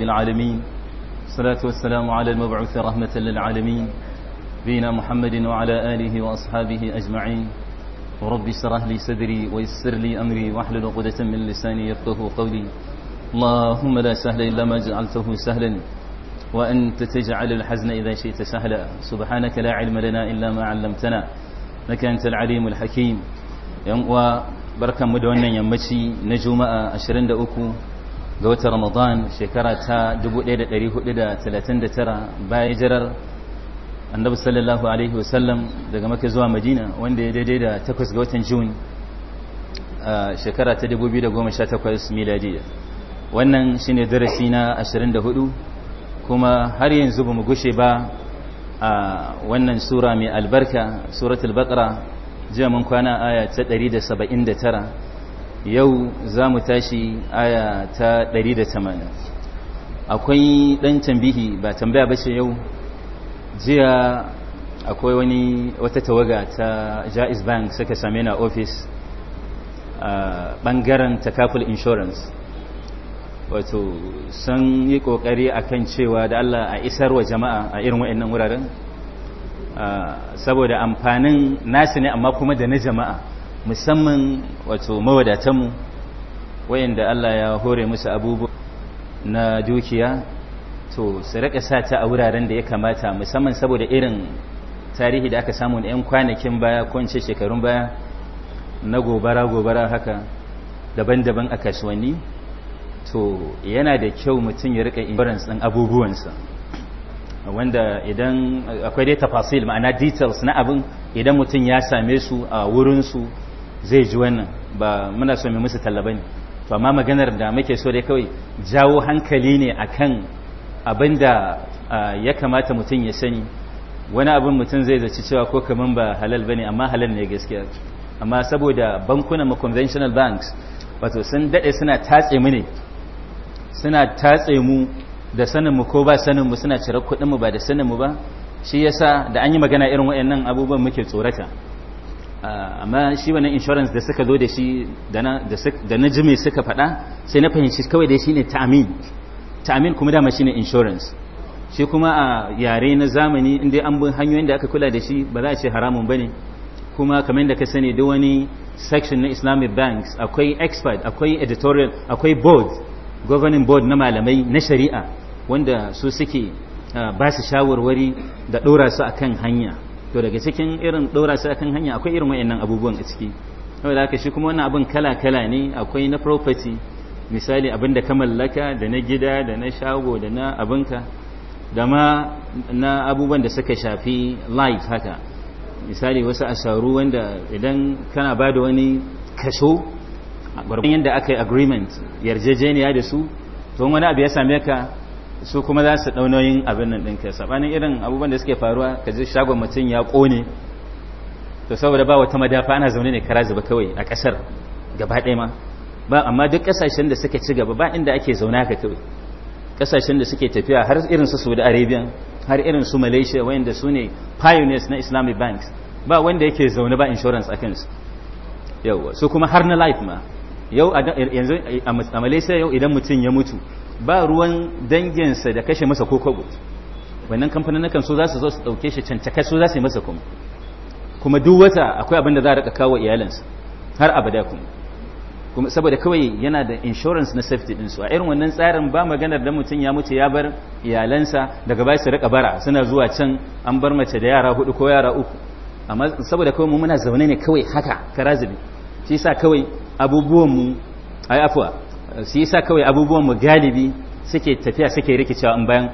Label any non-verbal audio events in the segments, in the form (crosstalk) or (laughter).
رب العالمين الصلاة والسلام على المبعوث رحمة للعالمين بينا محمد وعلى آله وأصحابه أجمعين ورب اشرح لي صدري ويسر لي أمري واحلل عقدة من لساني يفقه قولي اللهم لا سهل إلا ما جعلته سهلا وأنت تجعل الحزن إذا شئت سهلا سبحانك لا علم لنا إلا ما علمتنا لك أنت العليم الحكيم وبركة مدونة يمشي نجوم أشرند أكو ga wata ramadan shekara ta 1439 bayan jirar annabi sallallahu alaihi wasallam daga maka zuwa madina wanda ya daidai da takwas ga watan june a shekara ta 2018 miladiya wannan shine darasi na 24 kuma har yanzu ba mu gushe ba a wannan sura mai albarka suratul baqara jiya mun kwana aya ta 179 yau za mu tashi aya ta 180 akwai ɗan tambihi ba tambaya ba ce yau jiya akwai wani wata tawaga ta jais bank suka same na ofis a ɓangaren takaful insurance wato sun yi ƙoƙari akan cewa da allah a isar wa jama'a a irin wa'annan wuraren saboda amfanin nasu ne amma kuma da na jama'a musamman wato mawadatanmu wayanda Allah ya hore musu abubuwa na dukiya to su rika sa ta a wuraren da ya kamata musamman saboda irin tarihi da aka samu ɗan 'yan kwanakin baya ko ince shekarun baya na gobara-gobara haka daban-daban a kasuwanni to yana da kyau mutum ya rika insurance abubuwansa wanda idan akwai dai tafasil ma'ana details na abin idan mutum ya same su a wurinsu zai ji wannan ba muna so mai musu talla ne to amma maganar da muke so dai kawai jawo hankali ne akan abin da ya kamata mutum ya sani wani abin mutum zai zaci cewa ko kamar ba halal bane amma halal ne gaskiya amma saboda bankuna mu conventional banks wato sun dade suna tatse mu ne suna tatse mu da sanin mu ko ba sanin mu suna cire kuɗin mu ba da sanin mu ba shi yasa da an yi magana irin waɗannan abubuwan muke tsorata Ah, amma shi wannan insurance da suka zo da shi da na jimai suka faɗa sai na fahimci kawai da shi ne ta'amin ta'amin kuma dama shi ne insurance shi kuma a yare na zamani inda an bin hanyoyin da aka kula da shi ba za a ce haramun ba ne kuma kamar da ka sani da wani section na islamic banks akwai expert akwai editorial akwai board governing board na malamai na shari'a wanda su suke ah, ba su shawarwari da ɗora su akan hanya to daga cikin irin ɗora shi akan hanya akwai irin wayannan abubuwan a ciki saboda haka shi kuma wannan abin kala kala ne akwai na property misali abin da ka mallaka da na gida da na shago da na abinka da ma na abubuwan da suka shafi life haka misali wasu asaru wanda idan kana ba da wani kaso a yadda aka yi agreement yarjejeniya da su to wani abu ya same ka su kuma za su daunoyin abin nan ɗinka sabanin irin abubuwan da suke faruwa ka ji shagon mutum ya ƙone to saboda ba wata madafa ana zaune ne kara zuba kawai a ƙasar gaba ɗaya ma ba amma duk ƙasashen da suka ci gaba ba inda ake zauna ka kawai ƙasashen da suke tafiya har irin su saudi arabia har irin su malaysia wayanda su ne pioneers na islamic banks ba wanda yake zaune ba insurance a kansu yau su kuma har na life ma yau yanzu a malaysia yau idan mutum ya mutu ba ruwan danginsa da kashe masa kokobo wannan kamfanin nakan so za su zo su ɗauke shi cancaka so za su yi masa kuma kuma duk wata akwai abin da za a rika kawo iyalinsa har abada kuma kuma saboda kawai yana da insurance na safety din su a irin wannan tsarin ba maganar da mutum ya mutu ya bar iyalansa daga bai su rika bara suna zuwa can an bar mace da yara hudu ko yara uku amma saboda kawai mu muna zaune ne kawai haka karazibi shi sa kawai abubuwan mu ai afwa su sa kawai abubuwan mu galibi suke tafiya suke rikicewa in bayan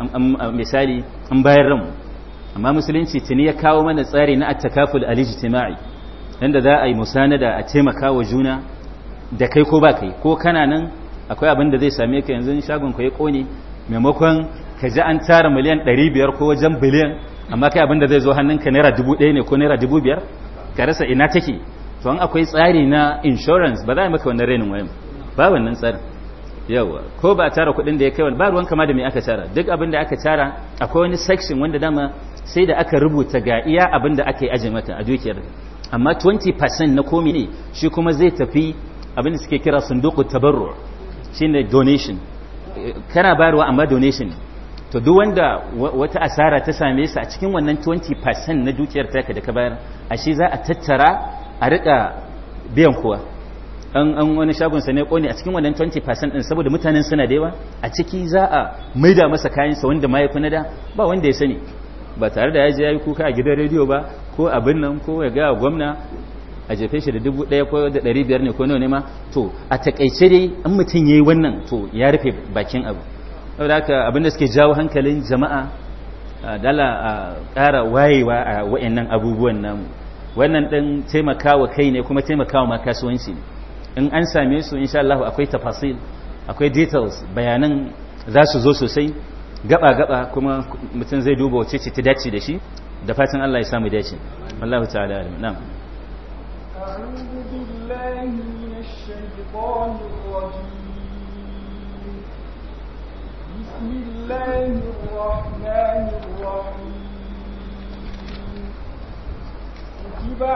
misali in bayan ranmu amma musulunci tuni ya kawo mana tsari na at-takaful al-ijtima'i inda za a yi musanada a taimaka wa juna da kai ko ba kai ko kana nan akwai abin da zai same ka yanzu shagon ku ya kone maimakon ka ji an tara miliyan 500 ko wajen biliyan amma kai abin da zai zo hannunka naira 1000 ne ko naira 2500 ka rasa ina take to an akwai tsari na insurance ba za a maka wannan rainin wayan ba wannan tsarin yawa ko ba a tara kudin da ya kai wani ba ruwan kama da me aka tara duk abin da aka tara akwai wani section wanda dama sai da aka rubuta ga iya abin da aka yi aji mata a dukiyar amma 20% na komi ne shi kuma zai tafi abin da suke kira sunduku tabarru ne donation kana bayarwa amma donation to duk wanda wata asara ta same su a cikin wannan 20% na dukiyar taka da ka bayar a shi za a tattara a rika biyan kuwa. an an wani shagon sa ne kone a cikin wannan 20% din saboda mutanen suna da yawa a ciki za a maida masa kayan sa wanda ma kuna da ba wanda ya sani ba tare da yaji yayi kuka a gidan rediyo ba ko abin nan ko ya ga gwamna a jefe shi da dubu ko da ɗari biyar ne ko nawa ne ma to a takaice dai in mutum ya yi wannan to ya rufe bakin abu saboda haka abin da suke jawo hankalin jama'a dala a ƙara wayewa a wayannan abubuwan namu wannan ɗin taimakawa kai ne kuma taimakawa ma kasuwanci ne in an same su insha Allah akwai tafasil akwai details bayanan za su zo sosai gaba gaba kuma mutum zai duba wace ce ta dace da shi da fatan Allah ya samu dace Allah ta'ala na'am a'udhu billahi minash shaitanir rajim bismillahir rahmanir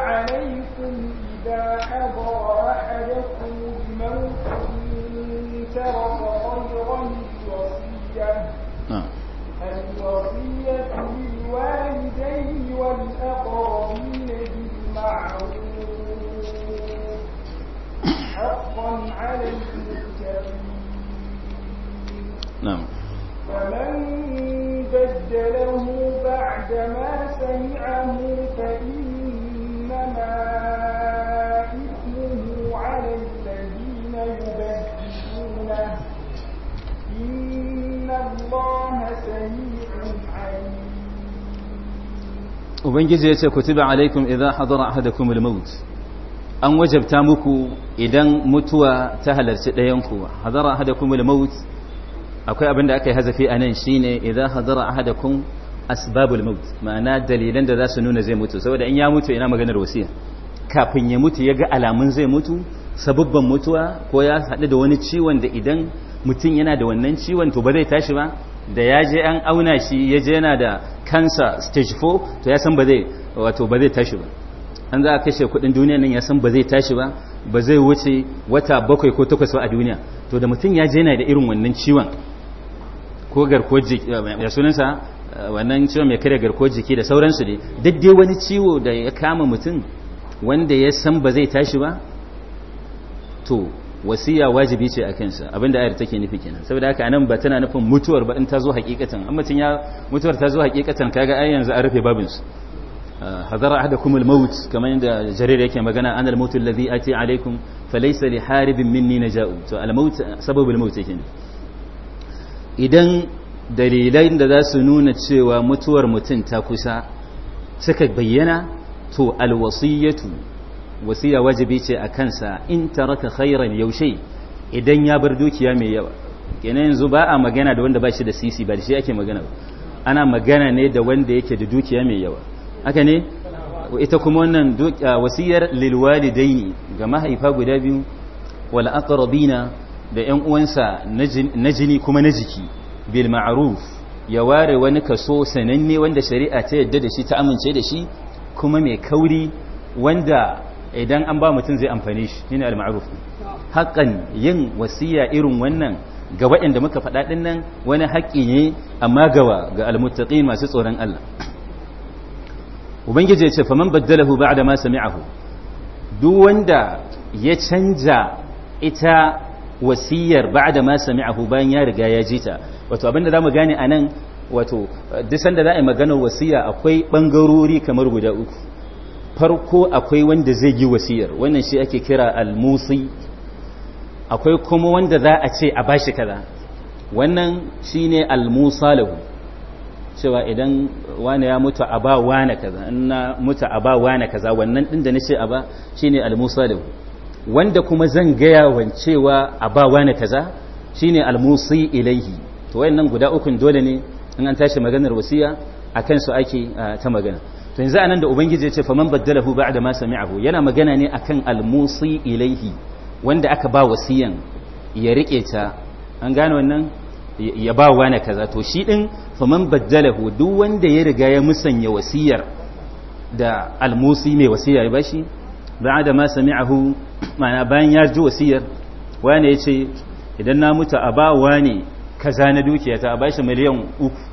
rahim إذا حضر أحدكم الموت إن ترك خيرا الوصية نعم. الوصية للوالدين والأقربين بالمعروف حقا على المتقين نعم فمن بدله بعدما سمعه فإنما ubangiji ya ce kutiba alaikum idza hadara ahadakum al-maut an wajabta muku idan mutuwa ta halarci ɗayan ku hadara ahadakum al-maut akwai abin da aka yi hazafi a nan shine idza hadara ahadakum asbabul maut ma'ana dalilan da za su nuna zai mutu saboda in ya mutu ina maganar wasiya kafin ya mutu ya ga alamun zai mutu sababban mutuwa ko ya haɗu da wani ciwon da idan mutum yana da wannan ciwon to ba zai tashi ba da ya je an auna shi ya je yana da cancer stage 4 to ya san ba zai wato ba zai tashi ba an za a kashe kudin duniya nan ya san ba zai tashi ba ba zai wuce wata bakwai ko takwas ba a duniya to da mutum ya je na da irin wannan ciwon ko garkuwar jiki ya sunansa eh, wannan ciwon mai karya garkuwar jiki da sauransu ne duk dai wani ciwo da ya kama mutum wanda ya san ba zai tashi ba to wasiya wajibi ce a kansa abinda ayar take nufi kenan saboda haka anan ba tana nufin mutuwar ba in ta zo hakikatan amma tun ya mutuwar ta zo hakikatan kaga ai yanzu an rufe babin su ah, hadara ahadakum al-maut kamar yadda jarir yake magana anal maut alladhi ati alaikum falaysa li haribin minni najau to al-maut sababul maut yake ne idan dalilai da za su nuna cewa mutuwar mutum ta kusa suka bayyana to al-wasiyatu wasiya wajibi ce a kansa in taraka khairan yaushe idan ya bar dukiya mai yawa kenan yanzu ba a magana da wanda ba shi da sisi ba da shi ake magana ba ana magana ne da wanda yake da dukiya mai yawa haka ne ita kuma wannan wasiyar lilwalidaini ga mahaifa guda biyu wal aqrabina da yan uwansa na jini kuma na jiki bil ma'ruf ya ware wani kaso sananne wanda shari'a ta yadda da shi ta amince da shi kuma mai kauri wanda idan an ba mutum zai amfani shi shine al-ma'ruf haƙan yin wasiya irin wannan ga waɗanda muka faɗa ɗin nan wani haƙƙi ne amma gawa ga al almuttaqin masu tsoron Allah ubangiji ya ce faman baddalahu ba'da ma sami'ahu duk wanda ya canja ita wasiyar ba'da ma sami'ahu bayan ya riga ya ji ta wato abinda zamu gane anan wato duk sanda za a yi magana wasiya akwai bangarori kamar guda uku farko akwai wanda zai yi wasiyar wannan shi ake kira al-musi akwai kuma wanda za a ce a bashi kaza wannan shine almusa lahu cewa idan wani ya mutu a ba wani kaza in na mutu a ba wani kaza wannan din da nace a ba shine almusa lahu wanda kuma zan gaya wancewa a ba wani kaza shine almusi ilaihi to wayannan guda ukun dole ne in an tashi maganar wasiya akan su ake ta magana to yanzu anan da ubangiji ya ce faman baddalahu ba'da ma sami'ahu yana magana ne akan almusi ilaihi wanda aka ba wasiyan ya rike ta an gane wannan ya ba wa na kaza to shi din faman baddalahu duk wanda ya riga ya musanya wasiyar da almusi mai wasiya ya bashi ba'da ma sami'ahu ma'ana bayan ya ji wasiyar wani ya ce idan na mutu a ba wa ne kaza na dukiya ta a bashi miliyan uku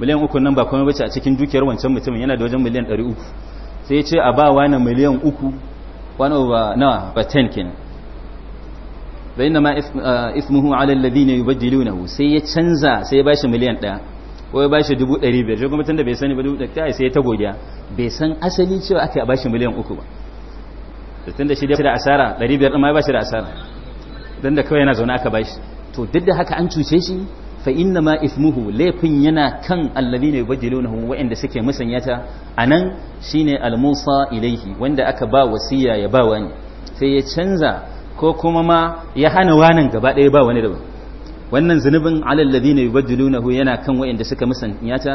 miliyan uku nan ba kuma bace a cikin dukiyar wancan mutumin yana da wajen miliyan 300 sai ya ce a ba wani miliyan uku wani over nawa ba 10 kin bai na ma uh, ismuhu ala alladhina yubaddilunahu sai ya canza sai ya bashi miliyan 1 ko ya bashi 500 sai gwamnatin da bai sani ba 500 sai ya ta godiya bai san asali cewa aka bashi miliyan uku ba tunda shi da asara 500 din ma ya bashi da asara dan da kawai yana zaune aka bashi to duk da haka an cuce shi fa inna ma ismuhu laifin yana kan allazi ne bajilunahu wa'anda suke musanyata anan shine almusa ilaihi wanda aka ba wasiya ya ba wani sai ya canza ko kuma ma ya hana wanan gaba daya ba wani daban wannan zunubin alal ne bajilunahu yana kan wa'anda suka musanyata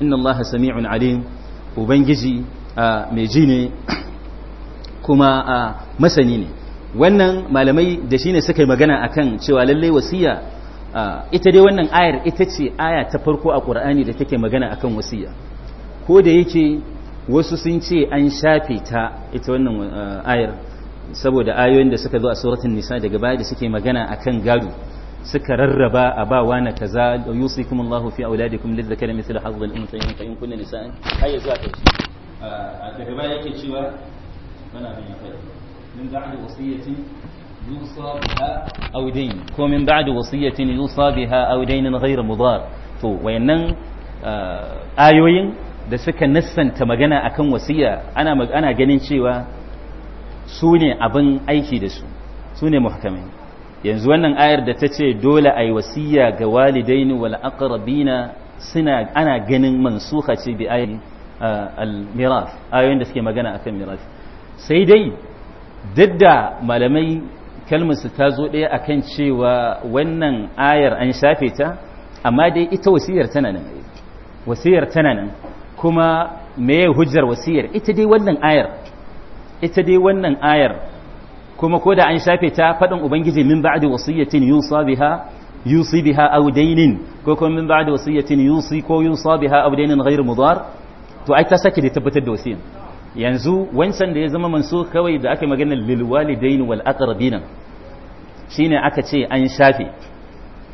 inna allaha sami'un alim ubangiji mai ji ne (coughs) kuma masani ne wannan malamai da shine suka yi magana akan cewa lallai wasiya Ah, ita dai wannan ayar ita ce aya ta farko a ƙur'ani da take magana akan wasiya ko da yake wasu sun ce an shafe ta ita wannan ah, ayar saboda ayoyin da suka zo a suratul nisa daga baya da suke magana akan gado suka rarraba a ba wa na kaza yusikum Allahu fi auladikum lidhakari mithlu hazzil unsayin fa in kunna nisa'an ai zuwa karshe a ah, daga baya yake cewa mana bin yafa min yusa biha aw dayn ko min ba'di wasiyatin yusa biha aw daynin ghayr mudar to wayannan ah, ayoyin da suka nassanta magana akan wasiya ana ganin cewa su ne abin aiki da su su ne muhkamin yanzu wannan ayar da ta ce dole a yi wasiya ga walidaini wal aqrabina suna ana ganin mansuha ce bi ayi ah, al-miraf ayoyin da suke magana akan miraf sai dai duk da malamai kalmarsu ta zo ɗaya akan cewa wannan ayar an shafe ta amma dai ita wasiyar tana nan wasiyar tana nan kuma meye hujjar wasiyar ita dai wannan ayar ita dai wannan ayar kuma ko da an shafe ta faɗin ubangiji min ba'di wasiyatin yusa biha yusi biha aw daynin ko kuma min ba'di wasiyatin yusi ko yusa biha aw daynin ghayr mudar to ai ta sake da tabbatar da wasiyar yanzu wancan da ya zama manso kawai da aka magana lilwalidain wal shi shine aka ce an shafe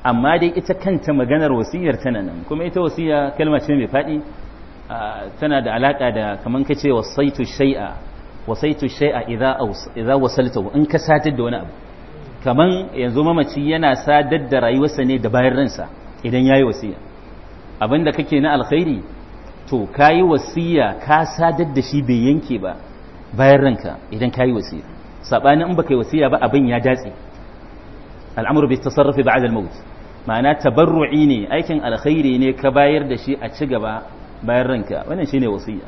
amma dai ita kanta maganar wasiyar tana nan kuma ita wasiya kalma ce mai faɗi. tana da alaka da kaman kace wasaitu shai'a wasaitu shay'a idza idza in ka satar da wani abu kaman yanzu mamaci yana sadar da rayuwarsa ne da bayan ransa idan yayi wasiya abinda kake na alkhairi to ka yi wasiya ka sadar da shi bai yanke ba bayan ranka idan ka yi wasiya saɓanin in baka yi wasiya ba abin ya datse al'amur bai sarrafa ba adal mawut ma'ana tabarru'i ne aikin alkhairi ne ka bayar da shi a ci gaba bayan ranka wannan ne wasiya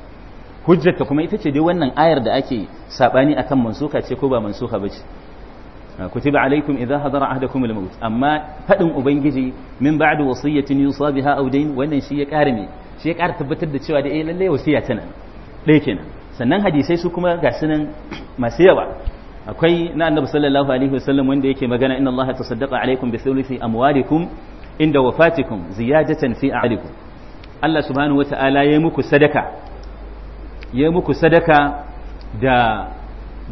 hujjarka kuma ita ce dai wannan ayar da ake saɓani akan mansuka ce ko ba mansuka ba ce كتب عليكم إذا حضر أحدكم الموت أما فدن أبنجي من بعد وصية يوصى بها أو دين وأن شيء كارمي sai ya ƙara tabbatar da cewa da eh lallai wasiya tana ɗaya kenan sannan hadisai su kuma ga sunan masu yawa akwai na annabi sallallahu alaihi wasallam wanda yake magana inna allaha tasaddaqa alaikum bi a amwalikum inda wafatikum ziyadatan fi a'likum Allah subhanahu wata'ala yayi muku sadaka muku sadaka da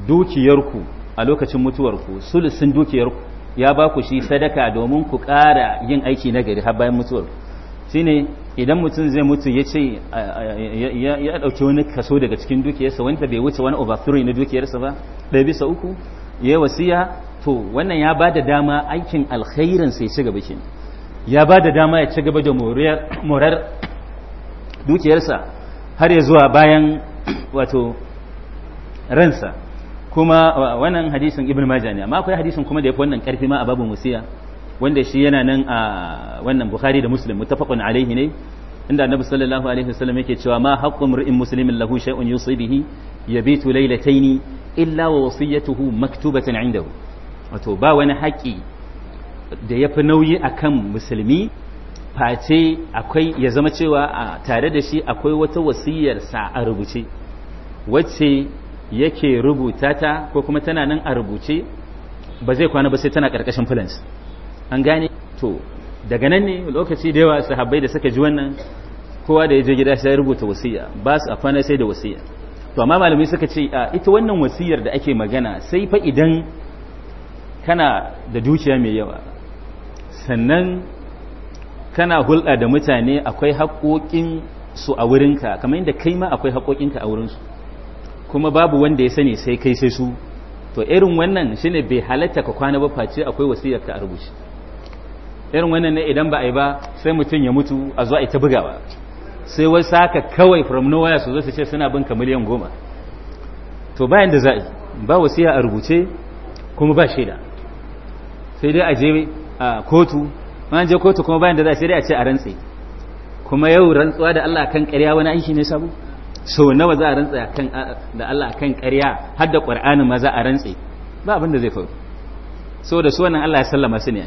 dukiyarku a lokacin mutuwarku sulusin dukiyarku ya ba ku shi sadaka domin ku ƙara yin aiki na gari har bayan mutuwarku shine idan mutum zai mutu ya ce ya ɗauki wani kaso daga cikin dukiyarsa wanda bai wuce wani overthrow na dukiyarsa ba ɗaya bisa uku ya wasiya to wannan ya ba da dama aikin alkhairin sai ci gaba shi ya ba da dama ya ci gaba da morar dukiyarsa har ya zuwa bayan (clears throat) wato ransa kuma wannan hadisin ibn Majani amma akwai hadisin kuma da ya fi wannan karfi ma a babu musiya wanda shi yana nan a wannan bukhari da muslim muttafaqun alaihi ne inda annabi sallallahu alaihi wasallam yake cewa ma haqqu mar'in muslimin lahu shay'un yusibihi yabitu laylataini illa wa wasiyatuhu maktubatan indahu wato ba wani haƙi da yafi nauyi akan musulmi face akwai ya zama cewa tare da shi akwai wata wasiyarsa a rubuce wacce yake rubuta ta ko kuma tana nan a rubuce ba zai kwana ba sai tana karkashin fulansi. an gane to daga nan ne lokaci da yawa sahabbai da suka ji wannan kowa da ya je gida sai rubuta wasiya ba su a kwana sai da wasiya to amma malamai suka ce a ita wannan wasiyar da ake magana sai fa idan kana da dukiya mai yawa sannan kana hulɗa da mutane akwai haƙoƙin su a wurinka kamar inda kai ma akwai ka a wurin su kuma babu wanda ya sani sai kai sai su to irin wannan shine bai halatta ka kwana ba face akwai wasiyar ka a rubuce irin wannan ne idan ba a yi ba sai mutum ya mutu a zuwa ita bugawa sai wai saka kawai from nowhere su zo su ce suna bin ka miliyan goma to bayan da za a ba wasiya a rubuce kuma ba shaida sai dai a je a kotu an je kotu kuma bayan da za a sai dai a ce a rantse kuma yau rantsuwa da Allah kan ƙarya wani aiki ne sabu so nawa za a rantsa da Allah kan ƙarya har da Qur'ani ma za a rantse ba abin da zai faru so da su wannan Allah ya sallama su ne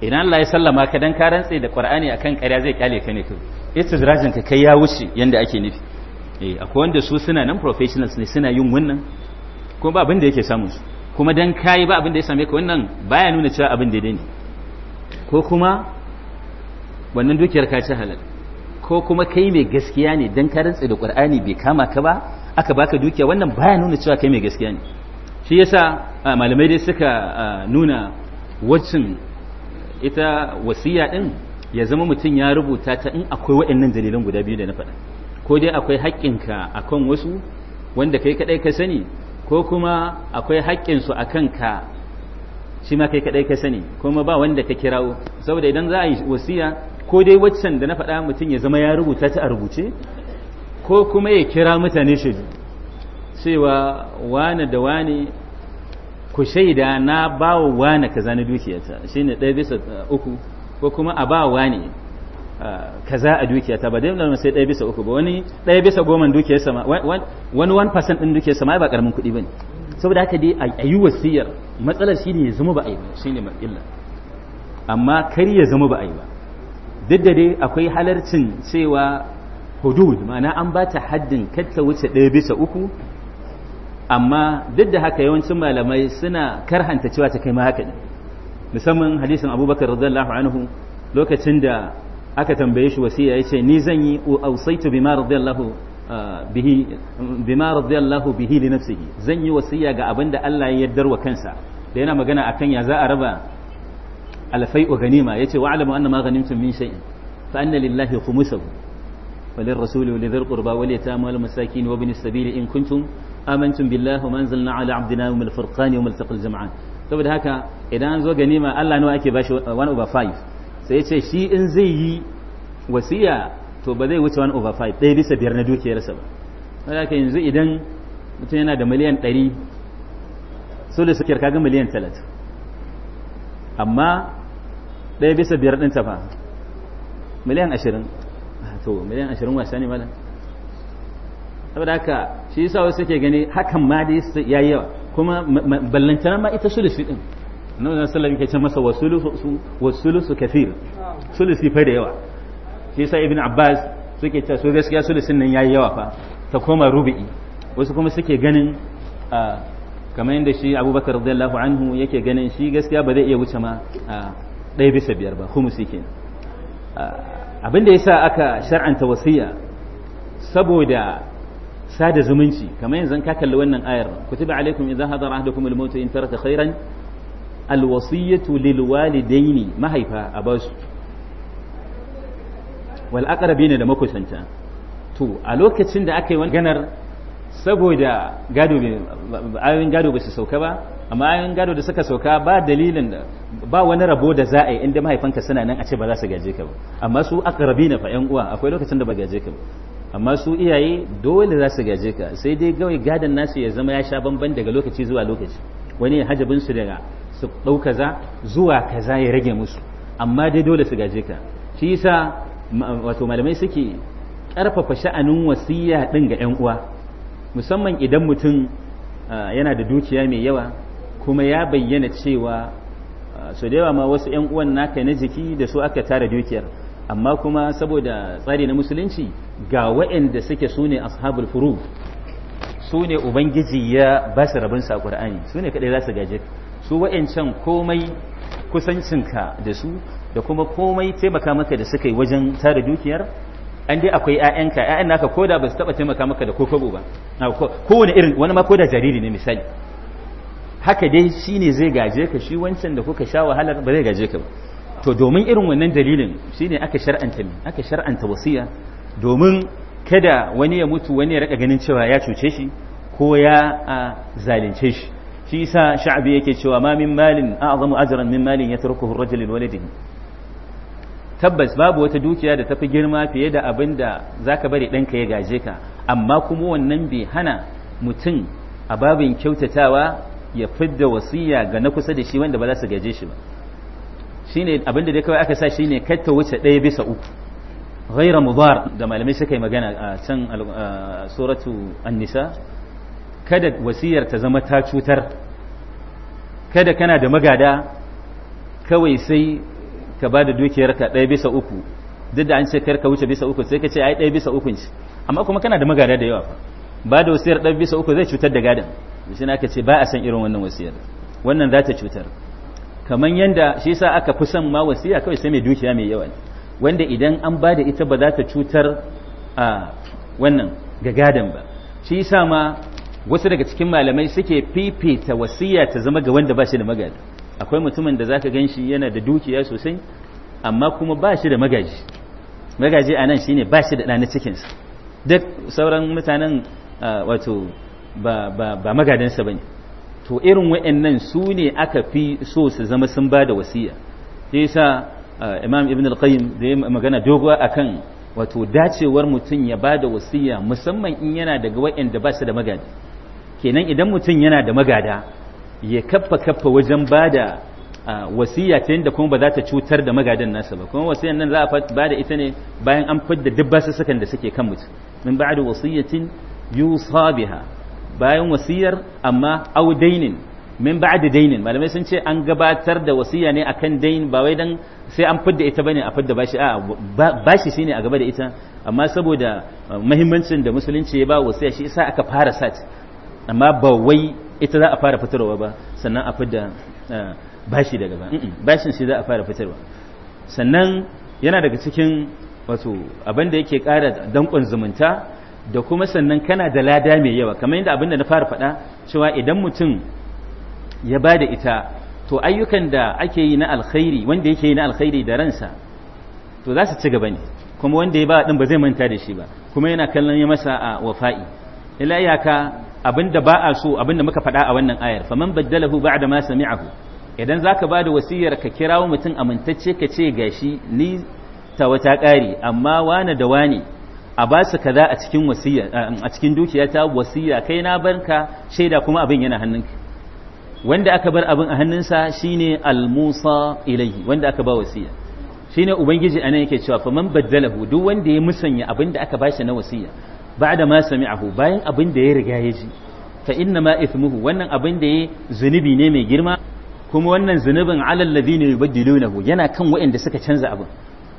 idan Allah ya sallama ka dan karantsi da Qur'ani akan ƙarya zai kyale ka ne Ita istidrajin ka kai ya wuce yanda ake nufi eh akwai wanda su suna nan professionals ne suna yin wannan kuma ba abin da yake samun su kuma dan kai ba abin da ya same ka wannan baya nuna cewa abin daidai ne ko kuma wannan dukiyar ka ce halal ko kuma kai mai gaskiya ne dan karantsi da Qur'ani bai kama ka ba aka baka dukiya wannan baya nuna cewa kai mai gaskiya ne shi yasa malamai dai suka nuna wacin ita wasiya din ya zama mutum ya rubuta ta in akwai waɗannan dalilan guda biyu da na faɗa ko dai akwai haƙƙinka akan wasu wanda kai kaɗai ka sani ko kuma akwai haƙƙinsu a ka shi ma kai kaɗai ka sani kuma ba wanda ka kirawo saboda idan za a yi wasiya ko dai waccan da na faɗa mutum ya zama ya rubuta ta a rubuce ko kuma ya kira mutane shi cewa wane da wane ku shaida na ba wa wani kaza na dukiyata shine ɗaya bisa uh, uku ko kuma a ba ne. Uh, kaza a dukiyata ba dai sai ɗaya bisa uku ba wani ɗaya bisa goma dukiyar sama wani one percent ɗin dukiyar sama ba karamin kuɗi ba ne saboda haka dai a yi wasiyar matsalar shi ne ya zama ba a yi ba shi ne illa amma kar ya zama ba a yi ba duk da dai akwai halarcin cewa hudud ma'ana an ba ta haddin katta wuce ɗaya bisa uku amma duk da haka yawancin malamai suna karhanta cewa ta kai ma haka ne musamman hadisin abubakar radiyallahu anhu lokacin da aka tambaye shi wasiya yace ni zan yi ausaitu bima radiyallahu uh, bihi bima radiyallahu bihi li nafsihi zan yi wasiya ga abin da Allah ya yaddar wa kansa da yana magana akan ya za a raba alfai ganima yace wa'lamu anna ma ghanimtum min shay'in fa anna lillahi khumsahu وللرسول ولذي القربى saki والمساكين وابن السبيل in كنتم amantum billahi wa anzalna ala abdina yawm al-furqan yawm taqal jam'an saboda haka idan an zo ganima Allah nawa ake bashi 1 over 5 sai yace shi in zai yi wasiya to ba zai wuce 1 over 5 ɗaya bisa biyar na dukiyarsa ba saboda haka yanzu idan mutum yana da miliyan 100 so da sukiyar ga miliyan 30 amma ɗaya bisa biyar ɗinta fa miliyan 20 to miliyan 20 wasa ne malam saboda haka shi yasa wasu suke gani hakan ma yasa yayi yawa kuma ballantana ma ita sulusi din annabi sallallahu ke wasallam masa wasulusu wasulusu sulusi fa da yawa shi yasa ibn abbas suke cewa su gaskiya sulusin nan yayi yawa fa ta koma rubi'i wasu kuma suke ganin kamar yadda shi abubakar radiyallahu anhu yake ganin shi gaskiya ba zai iya wuce ma ɗaya bisa biyar ba humusi da abinda sa aka shar'anta wasiya saboda sada zumunci kamar yanzu ka kalli wannan ayar kutiba alaikum idza hadara ahdukum al-maut in taraka khairan al-wasiyatu lil walidaini mahaifa a basu wal aqrabina da makusanta to a lokacin da aka yi ganar saboda gado ayoyin gado ba su sauka ba amma ayoyin gado da suka sauka ba dalilin da ba wani rabo da za a yi inda mahaifanka suna nan a ce ba za su gaje ka ba amma su aqrabina fa yan uwa akwai lokacin da ba gaje ka ba amma su iyaye dole za su gaje ka sai dai gawai gadon nasu ya zama ya sha bamban daga lokaci zuwa lokaci wani hajabin su daga su ɗau kaza zuwa kaza ya rage musu amma dai dole su gaje ka shi yasa wato malamai suke ƙarfafa sha'anin wasiya ɗin ga 'yan uwa musamman idan mutum yana da dukiya mai yawa kuma ya bayyana cewa so da yawa ma wasu 'yan uwan naka na jiki da su aka tara dukiyar amma kuma saboda tsari na musulunci ga waɗanda suke su ne ashabul furu su ne ubangiji ya ba su rabin sa qur'ani su ne kaɗai za su gaje su waɗancan komai kusancinka da su da kuma komai taimaka maka da suka yi wajen tara dukiyar an dai akwai ƴaƴanka ƴaƴan naka koda ba su taba taimaka maka da kokobo ba kowane irin wani ma koda jariri ne misali haka dai shine zai gaje ka shi wancan da kuka sha wahalar ba zai gaje ka ba to domin irin wannan dalilin shine aka shar'anta ne aka shar'anta wasiya domin kada wani ya mutu wani ya rika ganin cewa ya cuce shi ko ya zalunce shi shi yasa sha'abi yake cewa ma min malin a'zamu ajran min malin yatrukuhu ar-rajul walidihi tabbas babu wata dukiya da tafi girma fiye da abin da zaka bari ɗanka ya gaje ka amma kuma wannan bai hana mutum a babin kyautatawa ya fidda wasiya ga na kusa da shi wanda ba za su gaje shi ba shine da dai kawai aka sa shine kar ta wuce ɗaya bisa uku ghaira mudar da malamai suka yi magana a can suratu an-nisa kada wasiyar ta zama ta cutar kada kana da magada kawai sai ka ba da dukiyarka ɗaya bisa uku duk da an ce kar ka wuce bisa uku sai ka ce ai ɗaya bisa uku ce amma kuma kana da magada da yawa ba da wasiyar ɗaya bisa uku zai cutar da gadan shi ne aka ce ba a san irin wannan wasiyar wannan za ta cutar kamar yanda shi sa aka fi son ma wasiya kawai sai mai dukiya mai yawa wanda idan an ba da ita ba za ta cutar a wannan gagadan ba shi sa ma wasu daga cikin malamai suke fifita wasiya ta zama ga wanda ba shi da magaji akwai mutumin da zaka gan shi yana da dukiya sosai amma kuma ba shi da magaji magaji a nan shine ba shi da ɗana cikinsa duk sauran mutanen wato ba magadansa ba ne to irin wa'annan su ne aka fi so su zama sun ba da wasiya sai sa uh, imam ibn al-qayyim da ya magana dogo akan wato dacewar mutum ya ba da wasiya musamman in yana daga wa'anda ba su da magadi kenan idan mutum yana da magada ya kaffa kaffa wajen ba da uh, wasiya ta yadda kuma ba za ta cutar da magadan nasa ba kuma wasiyan nan za a ba da ita ne bayan an fidda duk sukan da suke kan mutum min ba'da wasiyatin yusa biha bayan wasiyar amma audainin dainin min ba'd dainin malamai sun ce an gabatar da wasiya ne akan dain ba wai dan sai an fidda ita bane a fidda bashi a bashi shine a gaba da ita amma saboda uh, muhimmancin da musulunci ya ba wasiya shi yasa aka fara sat amma ba wai ita za a fara fitarwa ba sannan a fidda uh, bashi daga ba bashin shi za a fara fitarwa sannan yana daga cikin wato abin da yake ƙara danƙon zumunta da kuma sannan kana da lada mai yawa kamar yadda abinda na fara faɗa cewa idan mutum ya ba da ita to ayyukan da ake yi na alkhairi wanda yake yi na alkhairi da ransa to za su ci gaba ne kuma wanda ya ba ɗin ba zai manta da shi ba kuma yana kallon ya masa a wafa'i ila iyaka abinda ba a so abinda muka faɗa a wannan ayar faman baddalahu ba'da ma sami'ahu idan zaka ba da wasiyar ka kirawo mutum amintacce ka ce gashi ni ta wata ƙari amma wane da wane a ba su kaza a cikin wasiya a cikin dukiya ta wasiya kai na barka shaida kuma abin yana hannunka wanda aka bar abin a hannunsa shine al-musa ilayhi wanda aka ba wasiya shine ubangiji anan yake cewa faman baddalahu duk wanda ya musanya abin da aka ba shi na wasiya ba'da ma sami'ahu bayan abin da ya riga ya ji fa inna ma ithmuhu wannan abin da ya zunubi ne mai girma kuma wannan zunubin alal ladina yubaddilunahu yana kan waɗanda suka canza abin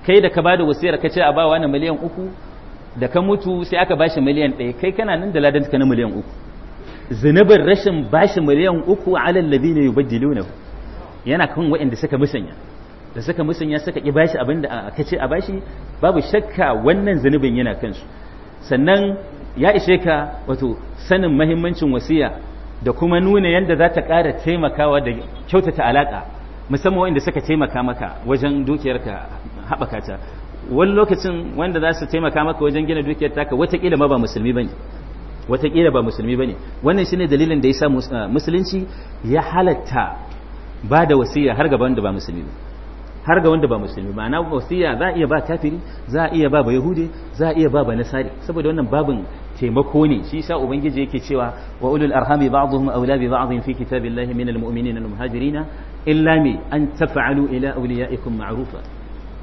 kai da ka bada wasiyar ka ce a bawa na miliyan uku da ka mutu sai aka bashi miliyan ɗaya kai kana nan da ladan ka na miliyan uku zunubin rashin bashi miliyan uku a alal ladina yubaddilunahu yana kan waɗanda suka musanya da suka musanya suka ki bashi abin da aka ce a bashi babu shakka wannan zunubin yana kansu sannan ya ishe ka wato sanin mahimmancin wasiya da kuma nuna yadda za ta ƙara taimakawa da kyautata alaƙa musamman wanda suka taimaka maka wajen dukiyarka haɓaka ta wani lokacin wanda za su taimaka maka wajen gina dukiyar taka watakila ma ba musulmi bane watakila ba musulmi bane wannan shine dalilin da ya sa ah, musulunci ya halatta ba da wasiya har gaban da ba musulmi har ga wanda ba musulmi ma'ana wasiya za a iya ba kafiri za a iya ba ba yahudi za a iya ba ba nasari saboda wannan babin taimako ne shi sa ubangiji yake cewa wa ulul arhami ba'dhum awla bi ba'dhin fi kitabillahi minal almu'minina almuhajirina illa mi an taf'alu ila awliyaikum ma'rufa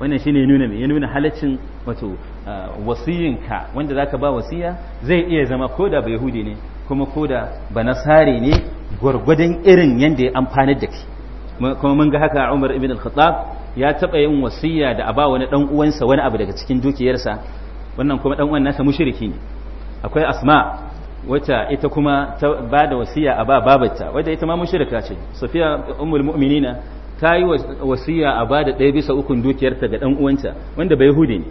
wannan shine nuna me ya nuna halaccin wato ah, wasiyinka wanda zaka ba wasiya zai iya zama koda ba yahudi ne kuma koda ba nasare ne gwargwadon irin yanda ya amfanar da kai kuma mun ga haka Umar ibn al-Khattab ya taba yin wasiya da aba wani dan uwansa wani abu daga cikin dukiyarsa wannan kuma dan uwan nasa mushriki ne akwai Asma wata ita kuma ta bada wasiya ba babarta wadda ita ma mushrika ce Safiya ummul mu'minina ta yi wasiya a ba da ɗaya bisa ukun dukiyarta ga ɗan uwanta wanda bai hude ne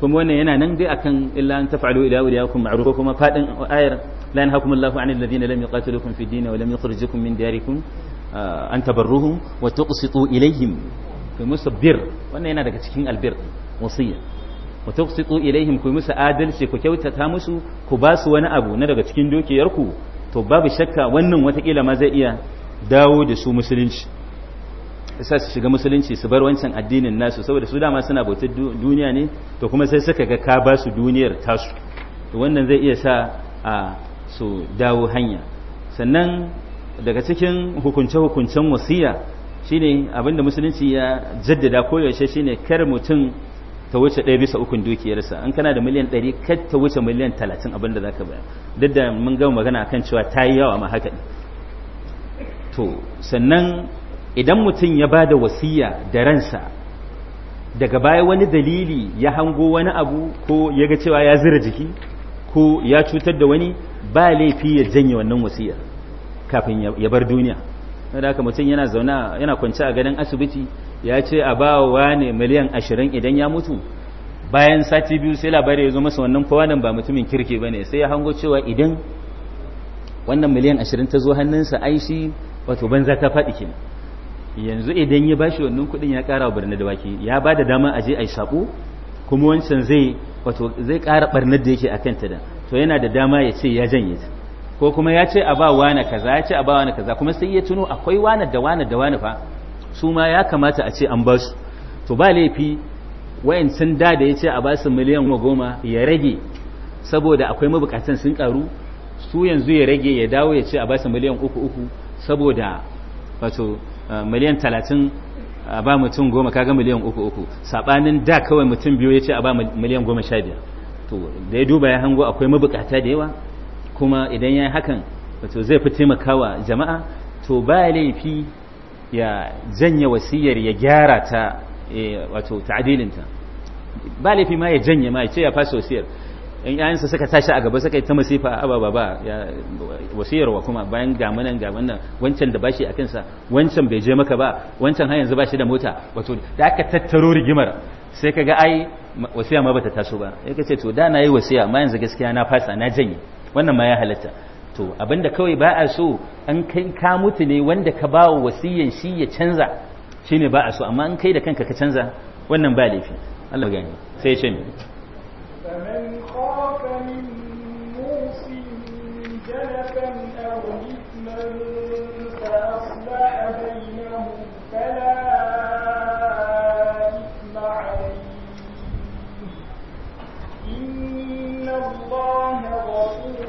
kuma wannan yana nan dai akan illa an taf'alu ila waliyakum ma'ruf ko kuma fadin ayar la yanhakum Allahu 'anil ladina lam yuqatilukum fid din wa lam yukhrijukum min diyarikum ah, an tabarruhum wa tuqsitu ilayhim ku musu bir wannan yana daga cikin albir wasiya wa tuqsitu ilayhim ku musu adalci ku kyautata musu ku ba su wani abu na daga cikin dukiyarku to babu shakka wannan wata kila ma zai iya dawo da su musulunci sa su shiga musulunci su bar wancan addinin nasu saboda su dama suna bautar duniya ne to kuma sai suka ga ka ba su duniyar tasu to wannan zai iya sa a su dawo hanya sannan daga cikin hukunce-hukuncen wasiya shine abinda musulunci ya jaddada koyaushe shine kar mutum ta wuce ɗaya bisa ukun dukiyarsa an kana da miliyan ɗari kar ta wuce miliyan talatin abinda ka bayar duk da mun gama magana kan cewa ta yi yawa ma haka to sannan idan mutum ya ba da wasiya da ransa daga baya wani dalili ya hango wani abu ko ya ga cewa ya zira jiki ko ya cutar da wani ba laifi ya janye wannan wasiya kafin ya bar duniya da haka mutum yana zauna yana kwanci a gadon asibiti ya ce a ba wa ne miliyan ashirin idan ya mutu bayan sati biyu sai labari ya zo masa wannan fawanan ba mutumin kirki ba ne sai ya hango cewa idan wannan miliyan ashirin ta zo hannunsa sa shi wato banza ta faɗi kenan yanzu idan ya bashi wannan kudin ya karawa barna da wake ya ba da dama aje je a yi kuma wancan zai wato zai kara barna da yake a kanta da to yana da dama ya ce ya janye ta ko kuma ya ce a ba wani kaza ya ce a ba wani kaza kuma sai ya tuno akwai wani da wani da wani fa su ma ya kamata a ce an ba su to ba laifi wayancan da da ya ce a ba su miliyan goma ya rage saboda akwai mabukatan sun karu su yanzu ya rage ya dawo ya ce a ba su miliyan uku uku saboda wato Eh, miliyan talatin a ba mutum goma kaga miliyan uku uku saɓanin da kawai mutum biyu ya ce a ba miliyan goma sha biyar to da ya duba ya hango akwai mabukata da yawa kuma idan ya yi hakan wato zai fi taimakawa jama'a to ba laifi ya janye wasiyar ya gyara ta eh, wato ta'adilinta ba laifi ma ya janye ma ya ce ya fasa wasiyar in yayansa suka tashi a gaba suka yi ta masifa a ababa ba wasiyarwa kuma bayan gamanan gamanan wancan da bashi a kansa wancan bai je maka ba wancan har yanzu bashi da mota wato da aka tattaro rigimar sai kaga ai wasiya ma bata taso ba ya kace to da na yi wasiya ma yanzu gaskiya na fasa na janye wannan ma ya halatta to abinda kawai ba a so an kai ka mutu ne wanda ka ba wasiyan shi ya canza shine ba a so amma an kai da kanka ka canza wannan ba laifi Allah gani sai ya ce أعطاك من موس جنفا أو إثما فأصلح بينهم فلا إثم عليه إن الله غفور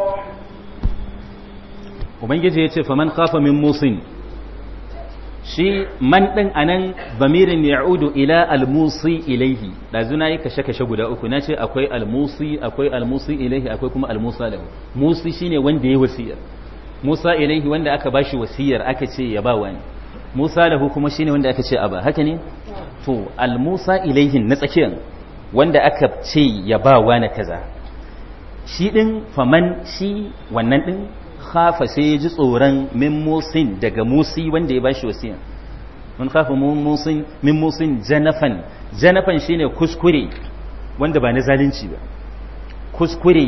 رحيم ومن يجي يتشف من خاف من موصٍ shi man din anan bamirin ya'udu ila almusi ilaihi da zuna yi kashe kashe guda uku ce akwai almusi akwai almusi ilaihi akwai kuma almusa da musi shine wanda ya wasiyar musa ilaihi wanda aka bashi wasiyar aka ce ya ba wani musa lahu kuma shine wanda aka ce a ba haka ne to almusa ilaihin na tsakiyar wanda aka ce ya ba wani kaza shi din faman shi wannan ɗin. khafa sai ya ji tsoron min musin daga musi wanda ya bashi wasiya mun khafa musin min musin janafan janafan shine kuskure wanda ba na zalunci ba kuskure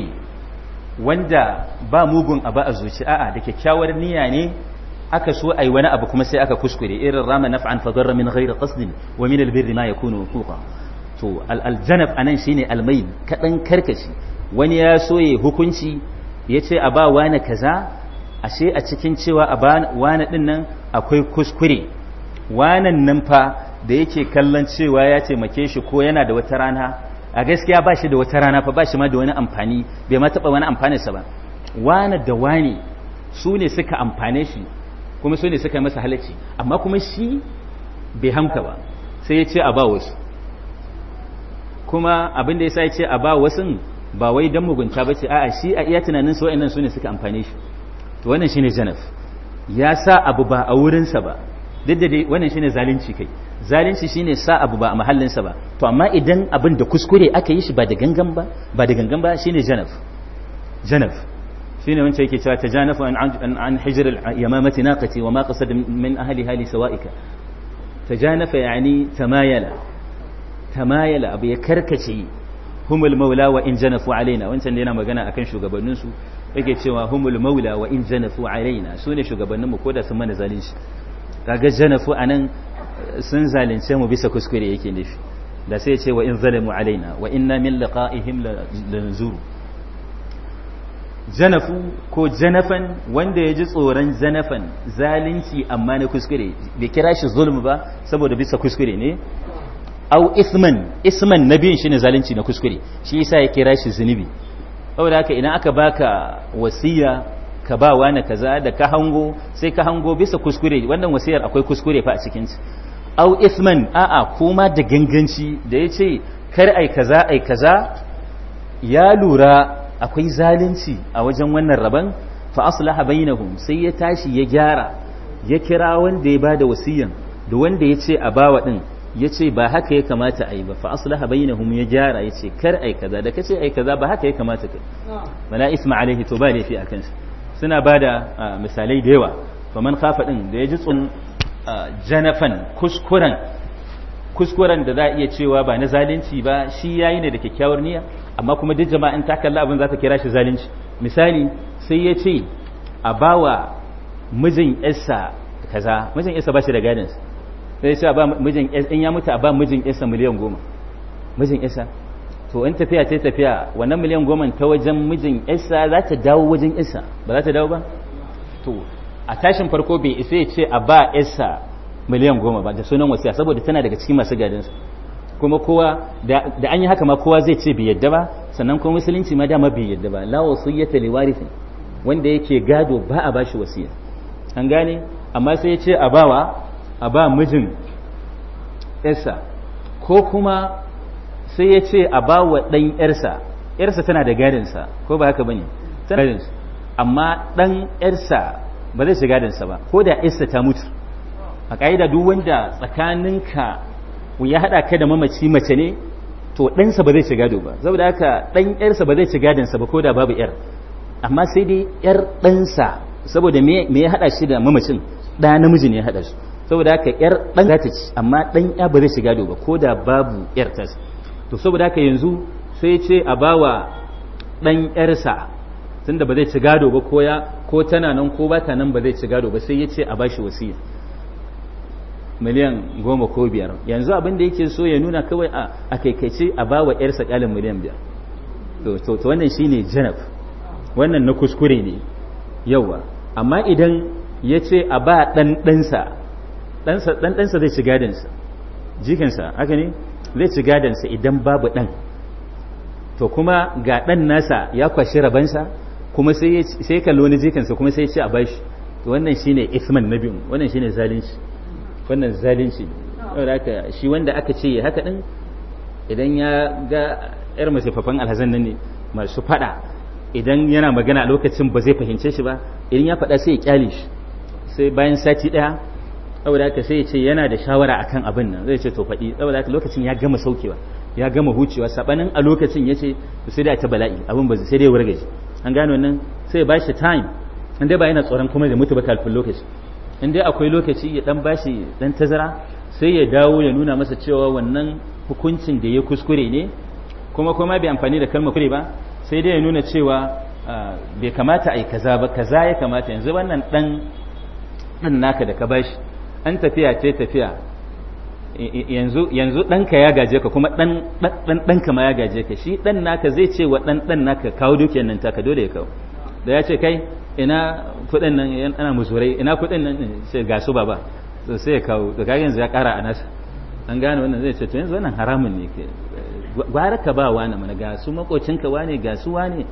wanda ba mugun abu a zuci a'a da kyakkyawar niyya ne aka so ai wani abu kuma sai aka kuskure irin rama naf'an fa darra min ghairi qasdin wa min albirri ma yakunu huquqa to aljanab anan shine almai kadan karkashi wani ya so ya hukunci ya ce a ba wane kaza ashe a cikin cewa a ba wane ɗin nan akwai kuskure wanan nan fa da yake kallon cewa ya taimake shi ko yana da wata rana a gaskiya ba shi da wata rana fa ba shi ma da wani amfani bai ma taɓa wani amfaninsa ba wane da wane su ne suka amfane shi kuma su ne suka masa halacci amma kuma shi bai hamka ba sai ya ce a ba wasu kuma abin da ya sa ya ce a ba wasu ba wai dan mugunta bace a'a shi a iya tunanin sa wayannan sune suka amfane shi to wannan shine janaf ya sa abu ba a wurinsa ba duk da dai wannan shine zalunci kai zalunci shine sa abu ba a mahallin ba to amma idan abin da kuskure aka yi shi ba da gangan ba ba da gangan ba shine janaf janaf shine wancan yake cewa tajanafu an an hijr al yamamati naqati wa ma qasad min ahli hali sawaika tajanafa yani tamayala tamayala abu ya karkace humul maula wa in janafu alaina wancan da yana magana akan shugabannin su yake cewa humul maula wa in janafu alaina su ne shugabannin mu ko da sun mana zalunci kaga janafu anan sun zalunce mu bisa kuskure yake nufi da sai ce wa in zalamu alaina wa inna min liqa'ihim lanzuru janafu ko janafan wanda ya ji tsoron janafan zalunci amma na kuskure bai kira shi zulmi ba saboda bisa kuskure ne au isman isman na biyun shine zalunci na kuskure shi yasa ya kira shi zunubi saboda haka idan aka baka wasiya ka ba wani kaza da ka hango sai ka hango bisa kuskure wannan wasiyar akwai kuskure fa a cikin ta au isman a'a kuma da ganganci da yace kar ai kaza ai kaza ya lura akwai zalunci a wajen wannan rabon fa aslaha bainahum sai ya tashi ya gyara ya kira wanda ya bada wasiyan da wanda ya ce a bawa din ya ce ba haka ya kamata a yi ba fa bainahum ya jara ya ce kar ai kaza da kace ai kaza ba haka ya kamata kai mana isma alaihi to ba laifi akan shi suna bada misalai da yawa fa man khafa din da ya ji tsun janafan kuskuren kuskuren da za a iya cewa ba na zalunci ba shi yayi ne da kyakkyawar niyya amma kuma duk in ta kalla abin za ta kira shi zalunci misali sai ya ce a bawa mijin yarsa kaza mijin yarsa ba shi da gadinsa sai sai ba mijin in ya mutu a ba mijin isa miliyan goma mijin isa to in tafiya ce tafiya wannan miliyan goma ta wajen mijin isa za ta dawo wajen isa ba za ta dawo ba to a tashin farko bai isa ya ce a ba isa miliyan goma ba da sunan wasiya saboda tana daga cikin masu gadinsa kuma kowa da an yi haka ma kowa zai ce bai yadda ba sannan kuma musulunci ma dama bai yadda ba la wasiyyata li wanda yake gado ba a bashi wasiya an gane amma sai ya ce a bawa a ba mijin ƴarsa ko kuma sai ya ce a ba wa ɗan ƴarsa ƴarsa tana da gadinsa ko ba haka bane tana da gadinsa amma ɗan ƴarsa ba zai shiga gadinsa ba ko da ƴarsa ta mutu a ƙa'ida duk wanda tsakaninka ya haɗa ka da mamaci mace ne to ɗansa ba zai shiga gado ba saboda haka ɗan ƴarsa ba zai shiga gadinsa ba ko da babu ƴar amma sai dai ƴar ɗansa saboda me ya haɗa shi da mamacin ɗa namiji ne ya haɗa shi saboda haka yar dan za ta ci amma dan ya ba zai shiga doba ko da babu yar ta to saboda haka yanzu sai ce a bawa dan yarsa tunda ba zai ci gado ba ko ya ko tana nan ko ba ta nan ba zai ci gado ba sai ya ce a bashi wasiya miliyan goma ko biyar yanzu abin da yake so ya nuna kawai a kaikaice a ba wa yarsa kalin miliyan biyar to wannan shine janab wannan na kuskure ne yawa amma idan ya ce a ba ɗan ɗansa dan ɗansa zai ci gadansa jikinsa haka ne zai ci gadansa idan babu ɗan to kuma ga ɗan nasa ya kwashi rabansa kuma sai kalli wani jikinsa kuma sai ci a bashi to wannan shine isman na biyu wannan shine zalunci wannan zalunci saboda haka shi wanda aka ce haka din idan ya ga yar masifafan alhazan nan ne masu fada idan yana magana a lokacin ba zai fahimce shi ba idan ya fada sai ya kyale shi sai bayan sati daya saboda haka sai ya ce yana da shawara akan abin nan zai ce to faɗi saboda haka lokacin ya gama saukewa ya gama hucewa sabanin a lokacin ya ce sai da ta bala'i abin ba sai dai wurgaji an gano nan sai ba shi time inda ba yana tsoron kuma da mutu ba kafin lokaci inda akwai lokaci ya dan bashi dan tazara sai ya dawo ya nuna masa cewa wannan hukuncin da ya kuskure ne kuma kuma bai amfani da kalmar kure ba sai dai ya nuna cewa ah, bai kamata a yi kaza ba kaza ya kamata yanzu wannan dan dan naka da ka bashi an tafiya ce tafiya yanzu yanzu ɗanka ya gaje ka kuma ɗan ɗanka ma ya gaje ka shi ɗan naka zai ce wa ɗan ɗan naka kawo dukiyar nan taka dole ya kawo da ya ce kai ina kuɗin nan ana musurai ina kuɗin nan sai ga su baba sai ya kawo da kaga yanzu ya ƙara a nasa an gane wannan zai ce to yanzu wannan haramun ne ke gwara ka ba wani mana ga su makocinka wane ga su wane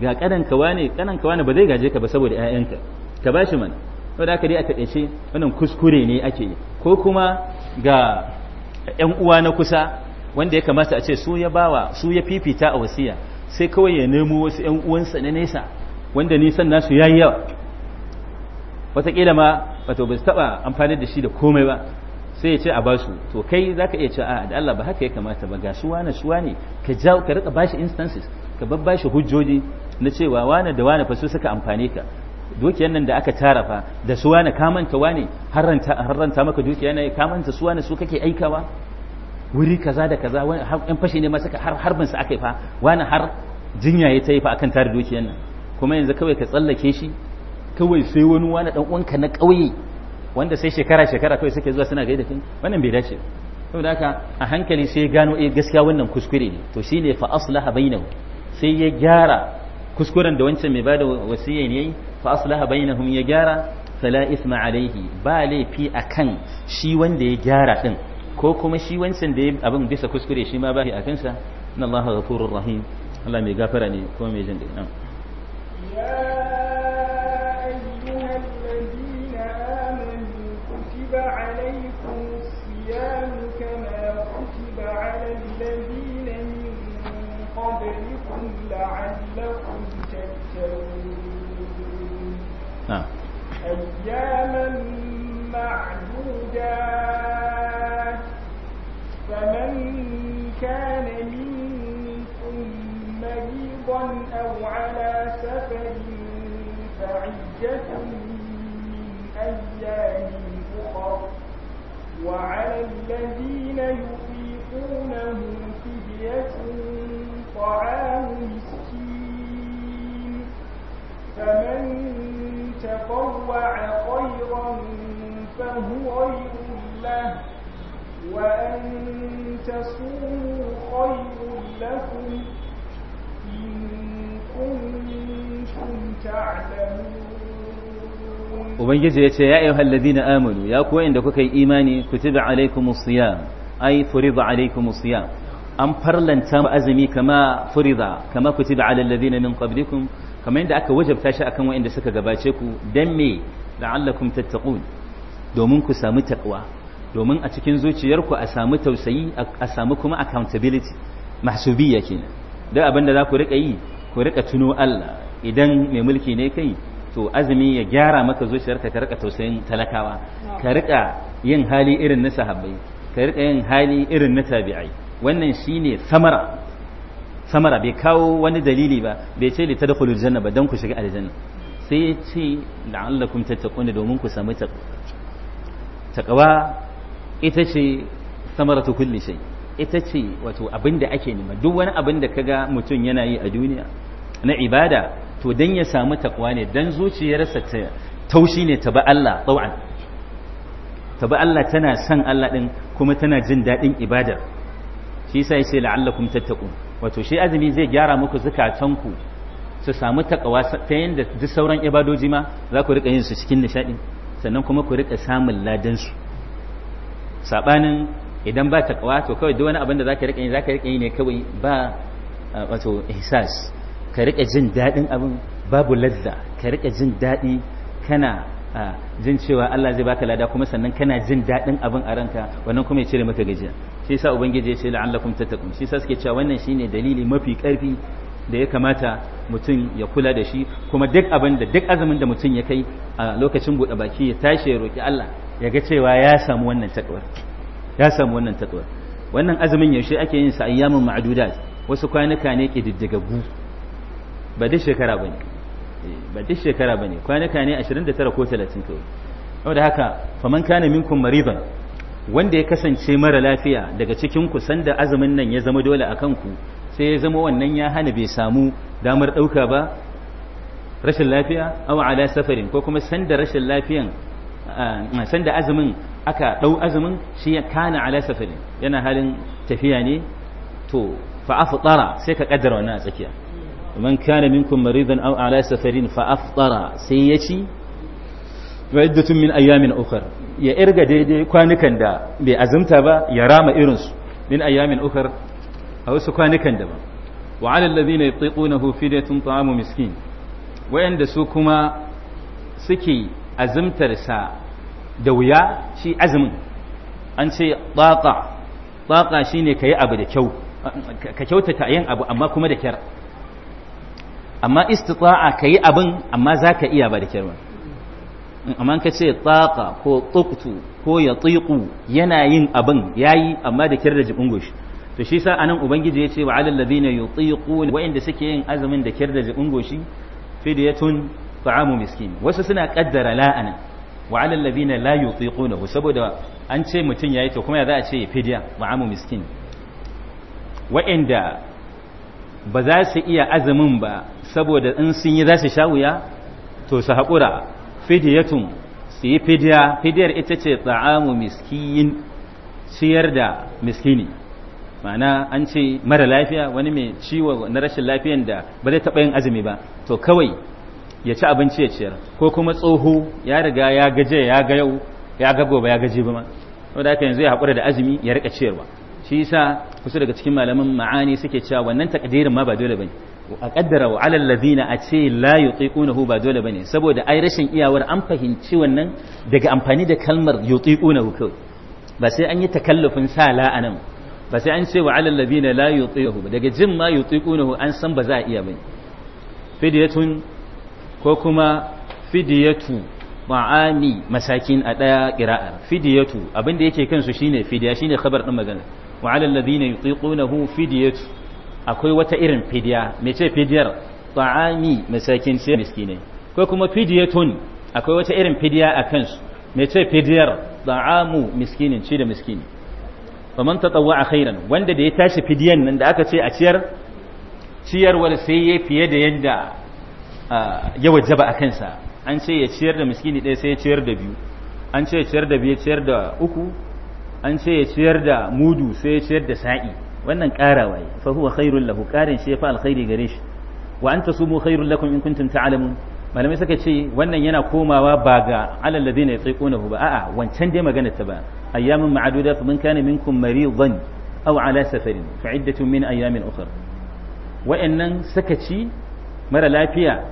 ga wani wane ka wani ba zai gaje ka ba saboda 'ya'yanka ka bashi mana to da dai a taɗaice wannan kuskure ne ake yi ko kuma ga ƴan uwa na kusa wanda ya kamata a ce su ya bawa su ya fifita a wasiya sai kawai ya nemo wasu ƴan uwansa na nesa wanda nisan nasu yayi yawa wataƙila ma wato ba su taɓa amfani da shi da komai ba sai ya ce a basu to kai za ka iya ce a da Allah ba haka ya kamata ba ga su wane su wane ka jawo ka rika bashi instances ka babbashi hujjoji na cewa wane da wane fa su suka amfani ka dukiyar nan da aka tara fa da suwa na kamanta wane har harranta maka dukiya ne kamanta suwa na su kake aikawa wuri kaza da kaza wani yan fashe ne masu har harbin sa fa wani har jinya ya tayi fa akan tara dukiyar nan kuma yanzu kawai ka tsallake shi kawai sai wani wani dan uwanka na ƙauye wanda sai shekara shekara kawai suke zuwa suna gaida kai wannan bai dace saboda haka a hankali sai ya gano eh gaskiya wannan kuskure ne to shine fa aslaha bainahu sai ya gyara kuskuren da wancan mai bada wasiyya ne yayi fa aslaha bainahum ya gyara fala isma alaihi ba laifi akan shi wanda ya gyara din ko kuma shi wancan da ya abin bisa kuskure shi ma ba shi akan sa inna allaha ghafurur rahim Allah mai gafara ne kuma mai jin dai لعلكم تتقون نعم أياما معدودات فمن كان منكم مريضا أو على سفر فعجة من أيام أخر وعلى الذين يطيقونه فدية طعام مسكين فمن تطوع خيرا فهو خير له وأن تصوموا خير لكم إن كنتم تعلمون Ubangiji ya ce, Ya ayyuha alladhina amanu, ya kuwa inda kuka yi imani, kutiba alaikumus siyam, ai furida alaikumus An farlanta azumi kama furida, kama da alal ladina min qablikum kamar yadda aka wajabta shi akan wanda suka gabace ku dan me la'allakum tattaqun domin ku samu takwa domin a cikin zuciyarku a samu tausayi a samu kuma accountability mahsubiyya kenan da abinda za ku rika yi ku rika tuno Allah idan mai mulki ne kai to azumi ya gyara maka zuciyarka ka rika tausayin talakawa ka rika yin hali irin na sahabbai ka rika yin hali irin na tabi'ai wannan shine samara samara bai kawo wani dalili ba bai ce li Kulu janna ba dan ku shiga aljanna sai ya ce la'allakum tattaquna domin ku samu taqwa ita ce samaratu kulli shay ita ce wato abinda ake nema duk wani abin da kaga mutum yana yi a duniya na ibada to dan ya samu taqwa ne dan zuciyarsa ta taushi ne ta ba Allah tsawan ta ba Allah tana son Allah ɗin kuma tana jin daɗin ibadar shi yasa yace la'allakum tattaqun wato shi azumi zai gyara muku zukatanku su samu takawa ta yadda duk sauran ibadoji ma za ku rika yin su cikin nishadi sannan kuma ku rika samun ladan su sabanin idan ba takawa to kawai duk wani abin da zaka rika yi zaka rika yi ne kawai ba wato ihsas ka rika jin dadin abin babu ladda ka rika jin dadi kana jin cewa Allah zai baka lada kuma sannan kana jin daɗin abin a ranka wannan kuma ya cire maka gajiya shi yasa ubangiji ya ce la'allakum tattaqun shi yasa suke cewa wannan shine dalili mafi ƙarfi da ya kamata mutum ya kula da shi kuma duk abin da duk azumin da mutum ya kai a lokacin buɗe baki ya tashi ya roki Allah ya ga cewa ya samu wannan takwar ya samu wannan takwar wannan azumin yaushe ake yin sa ayyamun ma'dudat wasu kwanuka ne ke diddigaggu ba da shekara bane Eh, ba duk shekara bane kwanaka ne 29 ko 30 kawai saboda haka faman kana minkum mariban wanda ya kasance mara lafiya daga cikin ku sanda azumin nan ya zama dole akan ku sai ya zama wannan ya hana bai samu damar ɗauka ba rashin lafiya aw ala safarin ko kuma sanda rashin lafiyan ah, ah, sanda azumin aka dau azumin shi ya kana ala safarin yana halin tafiya ne to fa aftara sai ka kaddara wannan a tsakiya man kana minkum maridan aw ala safarin fa aftara sai yaci ci min ayamin ukhra ya irga daidai kwanukan da bai azumta ba ya rama irin su min da ukhra a wasu kwanukan daban wa ala alladhina yutiqunahu fidyatun ta'amu miskin wayanda su kuma suke azumtar da wuya shi azumin an ce taqa taqa shine kai abu da kyau ka kyautata yin abu amma kuma da kyar amma istita'a ka yi abin amma za ka iya ba da kyar amma ka ce tsaka ko tsuktu ko ya tsiku yana yin abin ya yi amma da kyar da jibin goshi to shi sa anan ubangiji ya ce wa alal ladina yutiqun wa'inda suke yin azumin da kyar da jibin goshi fidyatun ta'amu miskin wasu suna kaddara la'ana wa alal ladina la yutiqunahu saboda an ce mutun yayi to kuma ya za a ce fidiya ta'amu miskin wa'inda ba za su iya azumin ba saboda in sun yi za su sha wuya to su haƙura fidiyatun su yi fidiya fidiyar ita ce tsa'amu miskiyin ciyar da miskini ma'ana an ce mara lafiya wani mai ciwo na rashin lafiyan da ba zai taɓa yin azumi ba to kawai ya ci abinci ya ciyar ko kuma tsoho ya riga ya gaje ya ga yau ya ga gobe ya gaji ba ma saboda haka yanzu ya haƙura da azumi ya riƙa ciyarwa shi yasa kusa daga cikin malaman ma'ani suke cewa wannan takdirin ma ba dole bane a kaddara wa alal ladina a ce la yutiqunahu ba dole bane saboda ai rashin iyawar an fahimci wannan daga amfani da kalmar yutiqunahu kawai ba sai an yi takallufin sa la anan ba sai an ce wa alal ladina la yutiqunahu daga jin ma yutiqunahu an san ba za a iya bane fidyatun ko kuma fidyatu ma'ani masakin a daya qira'a fidyatu abinda yake kansu shine fidya shine khabar din magana wa ala alladhina yutiqunahu fidyatu akwai wata irin fidiya mece fidiyar ta'ami masakin sai miskine ko kuma fidiyatun akwai wata irin fidiya a kansu mece fidiyar ta'amu miskinin ci da miskini faman tatawwa khairan wanda da ya tashi fidiyan nan da aka ce a ciyar ciyar ciyarwar sai ya fiye da yadda ya wajaba a kansa an ce ya ciyar da miskini ɗaya sai ya ciyar da biyu an ce ya ciyar da biyu ciyar da uku an ce ya ciyar da mudu sai ya ciyar da sa'i wannan ƙara waye fa huwa khairul lahu ƙarin shi fa alkhairi gare shi wa anta sumu khairul lakum in kuntum ta'lamun malamai suka ce wannan yana komawa ba ga alal ladina yatiqunahu ba a'a wancan dai magana ta ba ayyamun ma'aduda fa man kana minkum maridan aw ala safarin fa iddatun min ayyamin ukhra suka sakaci mara lafiya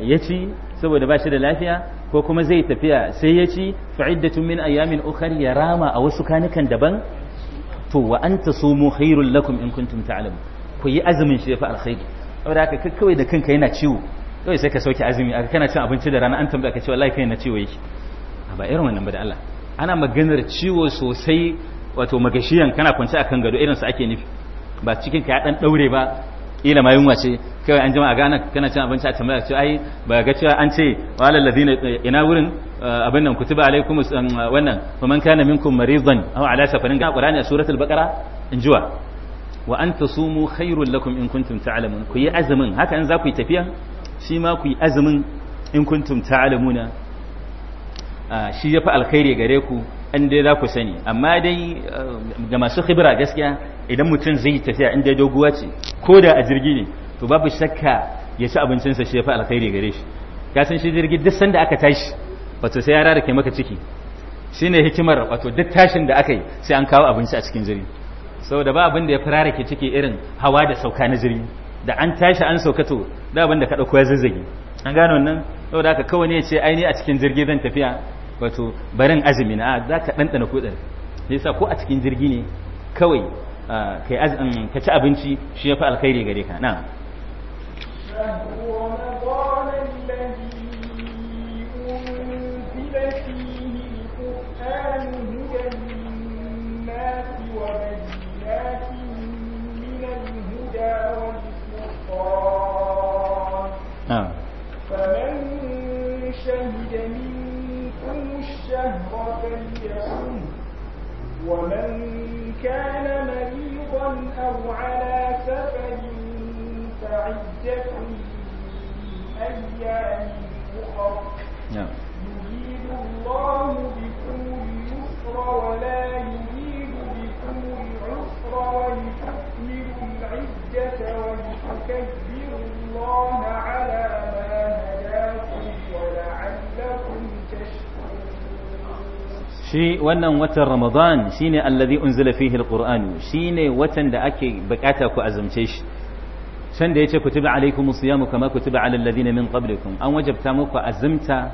ya ci saboda ba shi da lafiya ko kuma zai tafiya sai ya ci fa'iddatun min ayyamin ukar ya rama a wasu kanikan daban to wa so mu hairun lakum in kuntum alamu ku yi azumin shi fa alkhairi saboda haka kawai da kanka yana ciwo kawai sai ka sauke azumi aka kana cin abinci da rana an tambaya ka cewa laifin kai na ciwo yake ba irin wannan ba da Allah ana maganar ciwo sosai wato magashiyan kana kwance akan gado irin su ake nufi ba cikin ka ya dan daure ba ila ma yunwa ce kawai an jima a gana kana cin abinci a tambaya ce ai ba ga cewa an ce wa alal ladina ina wurin eh, abin nan kutuba alaikum eh, wannan wa man kana minkum maridan aw ala safarin ga qur'ani a suratul baqara injuwa wa an tasumu khairul lakum in kuntum ta'lamun ku yi azumin haka in za ku yi tafiya shi ma ku yi azumin in kuntum ta'lamuna ah, shi yafi alkhairi gare ku in dai za ku sani amma dai eh, ga masu khibra gaskiya idan mutum zai tafiya in dai doguwa ce ko da a jirgi ne to babu shakka ya ci abincinsa shi ya fi alkhairi gare shi ka san shi jirgi duk sanda aka tashi wato sai ya rarake maka ciki shine hikimar wato duk tashin da aka yi sai an kawo abinci a cikin jirgi saboda ba abin da ya fi ke ciki irin hawa da sauka na jirgi da an tashi an sauka to da abin da ka ɗauko ya zazzage an gano wannan saboda haka kawai ne ya ce aini a cikin jirgi zan tafiya wato barin azumi na za ka ɗanɗana kuɗin nisa ko a cikin jirgi ne kawai kai um, ka ci abinci shi ya fi alkhairi gare ka na wannan watan ramadan shine allazi unzila fihi alqur'anu shine watan da ake bukata ku azumce shi can da yace kutiba alaikumus siyamu kama kutiba alal ladina min qablikum an wajabta muku azumta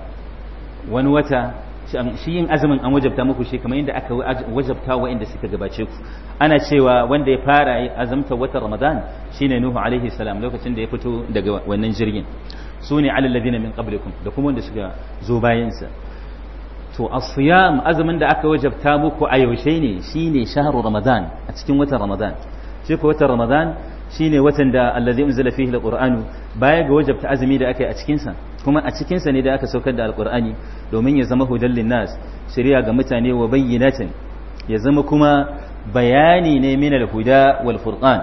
wani wata shi yin azumin an wajabta muku shi kamar yadda aka wajabta waɗanda suka gabace ku ana cewa wanda ya fara azumta watan ramadan shine nuhu alaihi salam lokacin da ya fito daga wannan jirgin su ne alal ladina min qablikum da kuma wanda suka zo bayansa to asiyam azumin da aka wajabta muku a yaushe ne shine shahru ramadan a cikin watan ramadan shi ko watan ramadan shine watan da allazi unzila fihi alqur'anu baya ga wajabta azumi da aka yi a cikin sa kuma a cikin sa ne da aka saukar da alqur'ani domin ya zama hudal linnas shari'a ga mutane wa bayyinatin ya zama kuma bayani ne min alhuda wal furqan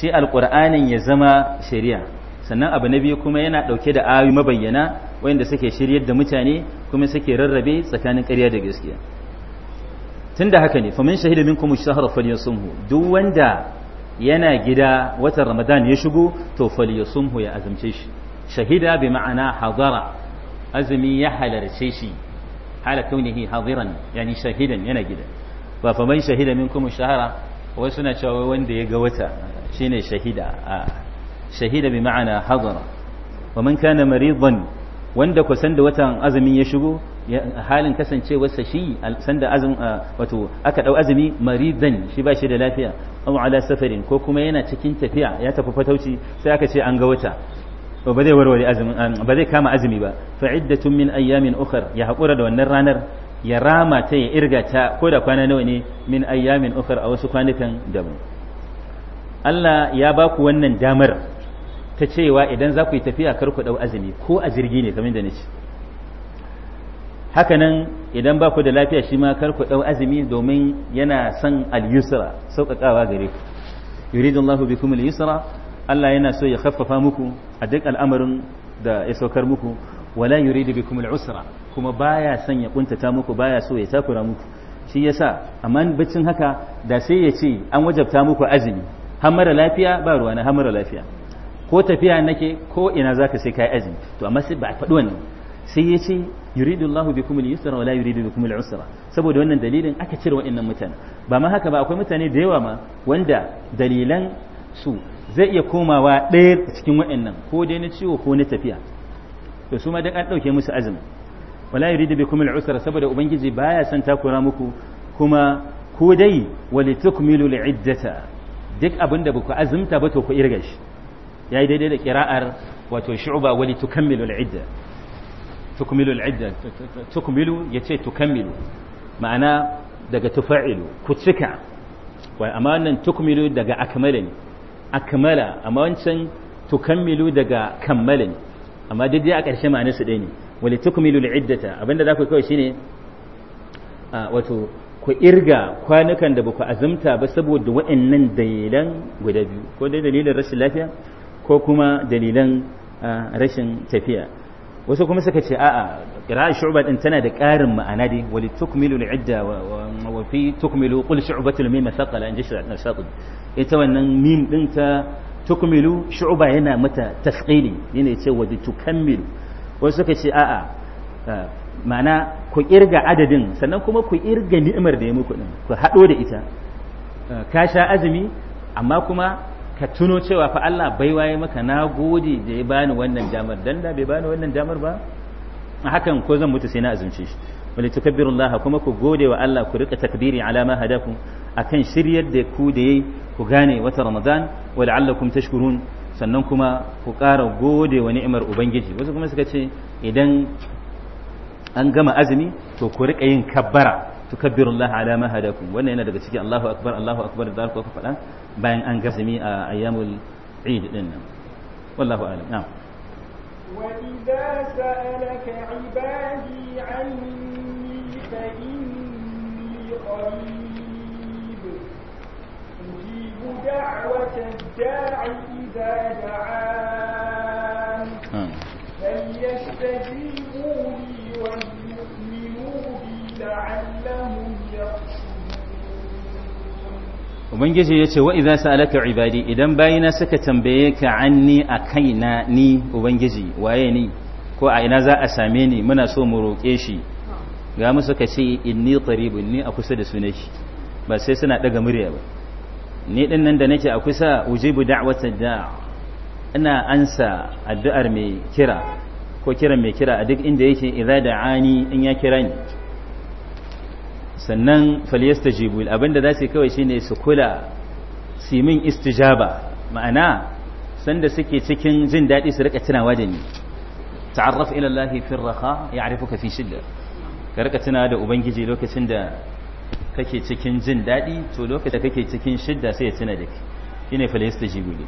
shi alqur'anin ya zama shari'a sannan abu na biyu kuma yana ɗauke da ayoyi mabayyana wanda suke shiryar da mutane kuma suke rarrabe tsakanin ƙarya da gaskiya tun da haka ne famin shahida min kuma shahar falyasumhu duk wanda yana gida watan ramadan ya shigo to falyasumhu ya azamce shi shahida bi ma'ana hadara azumi ya halarce shi hala kaunihi hadiran yani shahidan yana gida ba famin shahida min kuma shahara wai suna cewa wanda ya ga wata shine shahida a ah. shahida bi ma'ana hadara wa man kana maridan wanda ku sanda watan azumin ya shigo halin kasancewarsa shi sanda wato aka dau azumi maridan shi ba shi da lafiya aw ala safarin ko kuma yana cikin tafiya ya tafi fatauci sai aka ce an ga wata ba zai warware azumin ba zai kama azumi ba fa iddatun min ayyamin ukhra ya hakura da wannan ranar ya rama ta ya irga ta ko da kwana nawa ne min ayyamin ukhra a wasu kwanukan daban Allah ya ba ku wannan damar ta cewa idan za ku yi tafiya kar ku ɗau azumi ko a jirgi ne kamar da na ce hakanan idan ba ku da lafiya shi ma kar ku ɗau azumi domin yana son al-yusra sauƙaƙawa gare ku yuridullahu bikum al-yusra Allah yana so ya khaffafa muku a duk al'amarin da ya saukar muku wala yuridu bikum al-usra kuma baya son ya kuntata muku baya so ya takura muku shi yasa amma bacin haka da sai ya ce an wajabta muku azumi har mara lafiya ba ruwa na har mara lafiya ko tafiya nake ko ina zaka sai ka yi azumi to amma sai ba a faɗi wannan sai ya ce yuridu Allah bikum al-yusra wa la yuridu bikum al-usra saboda wannan dalilin aka cire wa'annan mutane ba ma haka ba akwai mutane da yawa ma wanda dalilan su zai iya komawa ɗaya cikin wa'annan ko dai na ciwo ko na tafiya to su ma duk an ɗauke musu azumi wala yuridu bikum al-usra saboda ubangiji baya son takura muku kuma ko dai walitukmilu al-iddata duk abinda ba ku azumta ba to ku irga shi yayi daidai da qira'ar wato shu'ba wali tukammilu al-idda tukmilu al-idda tukmilu yace tukammilu ma'ana daga tufa'ilu ku cika wai amma wannan tukmilu daga akmala ne akmala amma wancan tukammilu daga kammala ne amma daidai a ƙarshe ma'anar su ɗaya ne wali tukmilu al-iddata abinda za ku kawai shine wato ku irga kwanukan da ba ku azumta ba saboda waɗannan dalilan guda biyu ko dai dalilin rashin lafiya ko kuma dalilan ah, rashin tafiya wasu kuma suka ce a'a qira'a shu'ba din tana da ƙarin ma'ana dai wali tukmilu al wa fi tukmilu qul shu'batul mim thaqala in jishra nasaqid ita wannan mim din ta tukmilu shu'ba yana mata tasqili yana ce wa tukammilu wasu suka ce a'a ah, ma'ana ku kirga adadin sannan kuma ku kirga ni'imar da ya muku din ku hado da ita ah, ka sha azumi amma kuma ka tuno cewa fa Allah bai ya maka na gode da ya bani wannan damar dan da bai bani wannan damar ba a hakan ko zan mutu sai na azumce shi wali tukabbirullaha kuma ku gode wa Allah ku rika takbiri ala ma hadakum akan shiryar da ku da yayi ku gane wata ramadan wa la'allakum tashkurun sannan kuma ku ƙara gode wa ni'imar ubangiji wasu kuma suka ce idan an gama azumi to ku rika yin kabbara tukabbiru Allah ala ma hadakum wannan yana daga cikin Allahu akbar Allahu akbar da ku faɗa bayan an gazumi a ayyamul Eid din nan wallahu a'lam na'am وإذا سألك عبادي عني فإني قريب أجيب دعوة الداعي إذا دعاني ubangiji ya ce wa idza sa'alaka ibadi idan bayina suka tambaye ka anni a kaina ni ubangiji waye ni ko a ina za a same ni muna so mu roke shi ga mu suka ce inni qaribun ni a kusa da su shi ba sai suna daga murya ba ni din nan da nake a kusa ujibu da'wata da ina ansa addu'ar mai kira ko kiran mai kira a duk inda yake idza da'ani in ya kira ni sannan Faliyasta Jibul abinda za su kawai shine su kula su min istijaba ma'ana sanda suke cikin jin daɗi su rika tunawa da ni ta'arraf ila Allah fi raha ya'rifuka fi shidda ka rika tunawa da ubangiji lokacin da kake cikin jin daɗi to lokacin da kake cikin shidda sai ya tuna da kai shine Faliyasta Jibul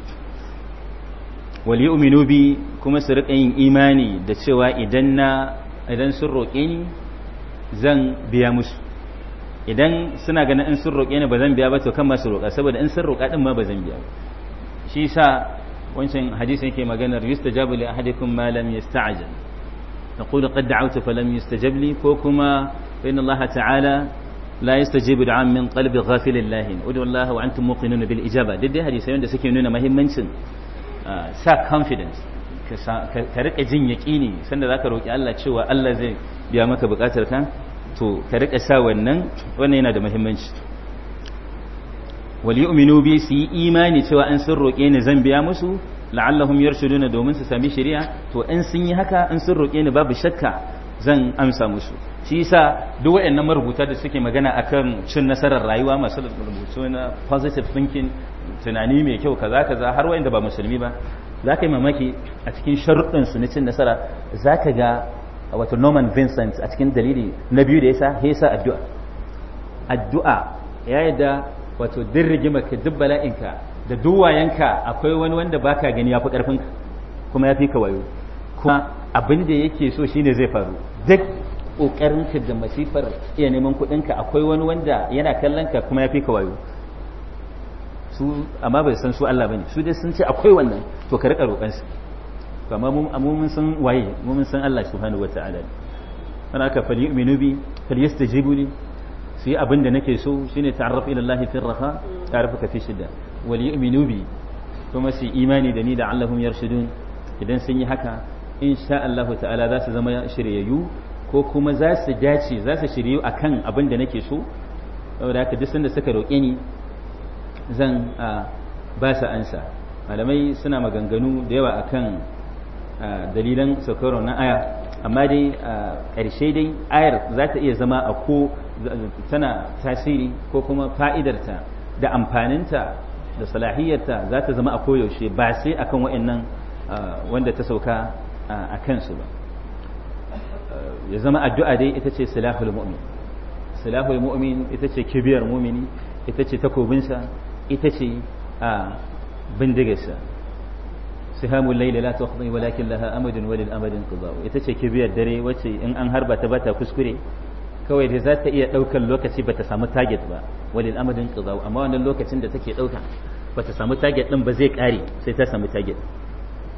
wal yu'minu bi kuma su rika yin imani da cewa idan na idan sun roƙe ni zan biya musu idan suna ganin in sun roƙe ni ba zan biya ba to kan masu roƙa saboda in sun roƙa din ma ba zan biya shi sa wancan hadisin yake maganar yustajabu li ahadikum ma lam yasta'jil naqulu qad da'awtu fa lam yustajab li ko kuma fa inna Allah ta'ala la yastajibu du'an min qalbi ghafilin lahin ud'u Allah wa antum muqinun bil ijaba duk da hadisai wanda suke nuna muhimmancin ah, sa confidence ka rika jin yaƙini sanda zaka roki Allah cewa Allah zai biya maka buƙatar ka to ka rika sa wannan wannan yana da muhimmanci wal yu'minu bi su imani cewa an sun roƙe ni zan biya musu la'allahum yarshuduna domin su sami shari'a to in sun yi haka in sun roƙe ni babu shakka zan amsa musu shi yasa duk waɗannan marubuta da suke magana akan cin nasarar rayuwa masu rubutu na positive thinking tunani mai kyau kaza kaza har waɗanda ba musulmi ba za ka yi mamaki a cikin sharuɗin su na cin nasara za ka ga wato Norman Vincent a cikin dalili na biyu da yasa he yasa addu'a addu'a ya yadda wato din rigima ka duk bala'inka da duwayenka akwai wani wanda baka gani ya fi karfin kuma ya fi ka wayo kuma abin da yake so shine zai faru duk ka da masifar iya neman kuɗinka akwai wani wanda yana kallon ka kuma ya fi ka wayo su amma bai san su Allah bane su dai sun ce akwai wannan to ka rika roƙansu. kamar mumin sun waye mumin san Allah subhanahu ta'ala dan aka fali yu'minu bi falyastajibu li su yi abin da nake so shine ta'arraf ila Allah fi raha ta'arfuka fi shidda wal yu'minu bi kuma su imani da ni da Allahum yarshudun idan sun yi haka insha Allah ta'ala za su zama shiryayyu ko kuma za su dace za su shiryu akan abin da nake so saboda haka duk sanda suka roƙe ni zan ah, ba su ansa malamai suna maganganu da yawa akan dalilan saukar na aya amma dai ƙarshe dai ayar za ta iya zama a ko tana tasiri ko kuma fa'idarta da amfaninta da salahiyarta za ta zama a koyaushe ba sai akan wa'annan wanda ta sauka a kansu ba ya zama addu'a dai ita ce silahul mu'min mu'min ita ce kibiyar mumini ita ce takobinsa ita ce bindigarsa sihamu layli la tuqdi walakin laha amadun walil amadin qada'u ita ce kibiyar dare wacce in an harba ta bata kuskure kawai dai za ta iya ɗaukar lokaci ba ta samu target ba walil amadin qada'u amma wannan lokacin da take ɗauka ba ta samu taget ɗin ba zai ƙare sai ta samu target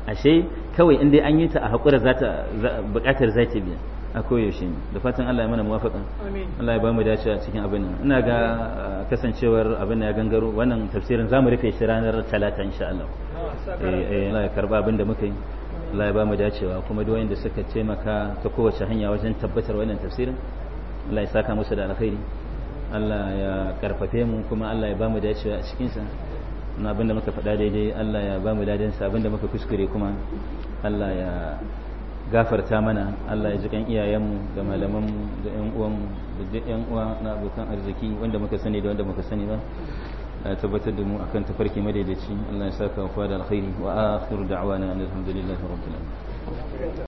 ashe kawai in dai an yi ta a hakura za ta buƙatar za ta biya a koyaushe ne da fatan Allah ya mana muwafaƙan Allah ya ba mu dace a cikin abin nan ina ga uh, kasancewar abin ya gangaro wannan tafsirin zamu rufe shi ranar talata insha Allah ah, eh, eh Allah ya karba abin da muka yi Allah ya ba mu dacewa kuma duk wanda suka taimaka ta kowace hanya wajen tabbatar wannan tafsirin Allah ya saka musu da alkhairi Allah ya karfafe mu kuma Allah ya ba mu dacewa a cikin sa abin da muka faɗa daidai Allah ya ba mu sa abin da muka kuskure kuma Allah ya gafarta mana Allah ya ji kan iyayenmu da malamanmu da ƴan uwanmu da duk ƴan uwa na abokan arziki wanda muka sani da wanda muka sani ba a tabbatar da mu akan tafarki madaidaici Allah ya saka wa da alkhairi wa akhiru da'wana alhamdulillahi rabbil alamin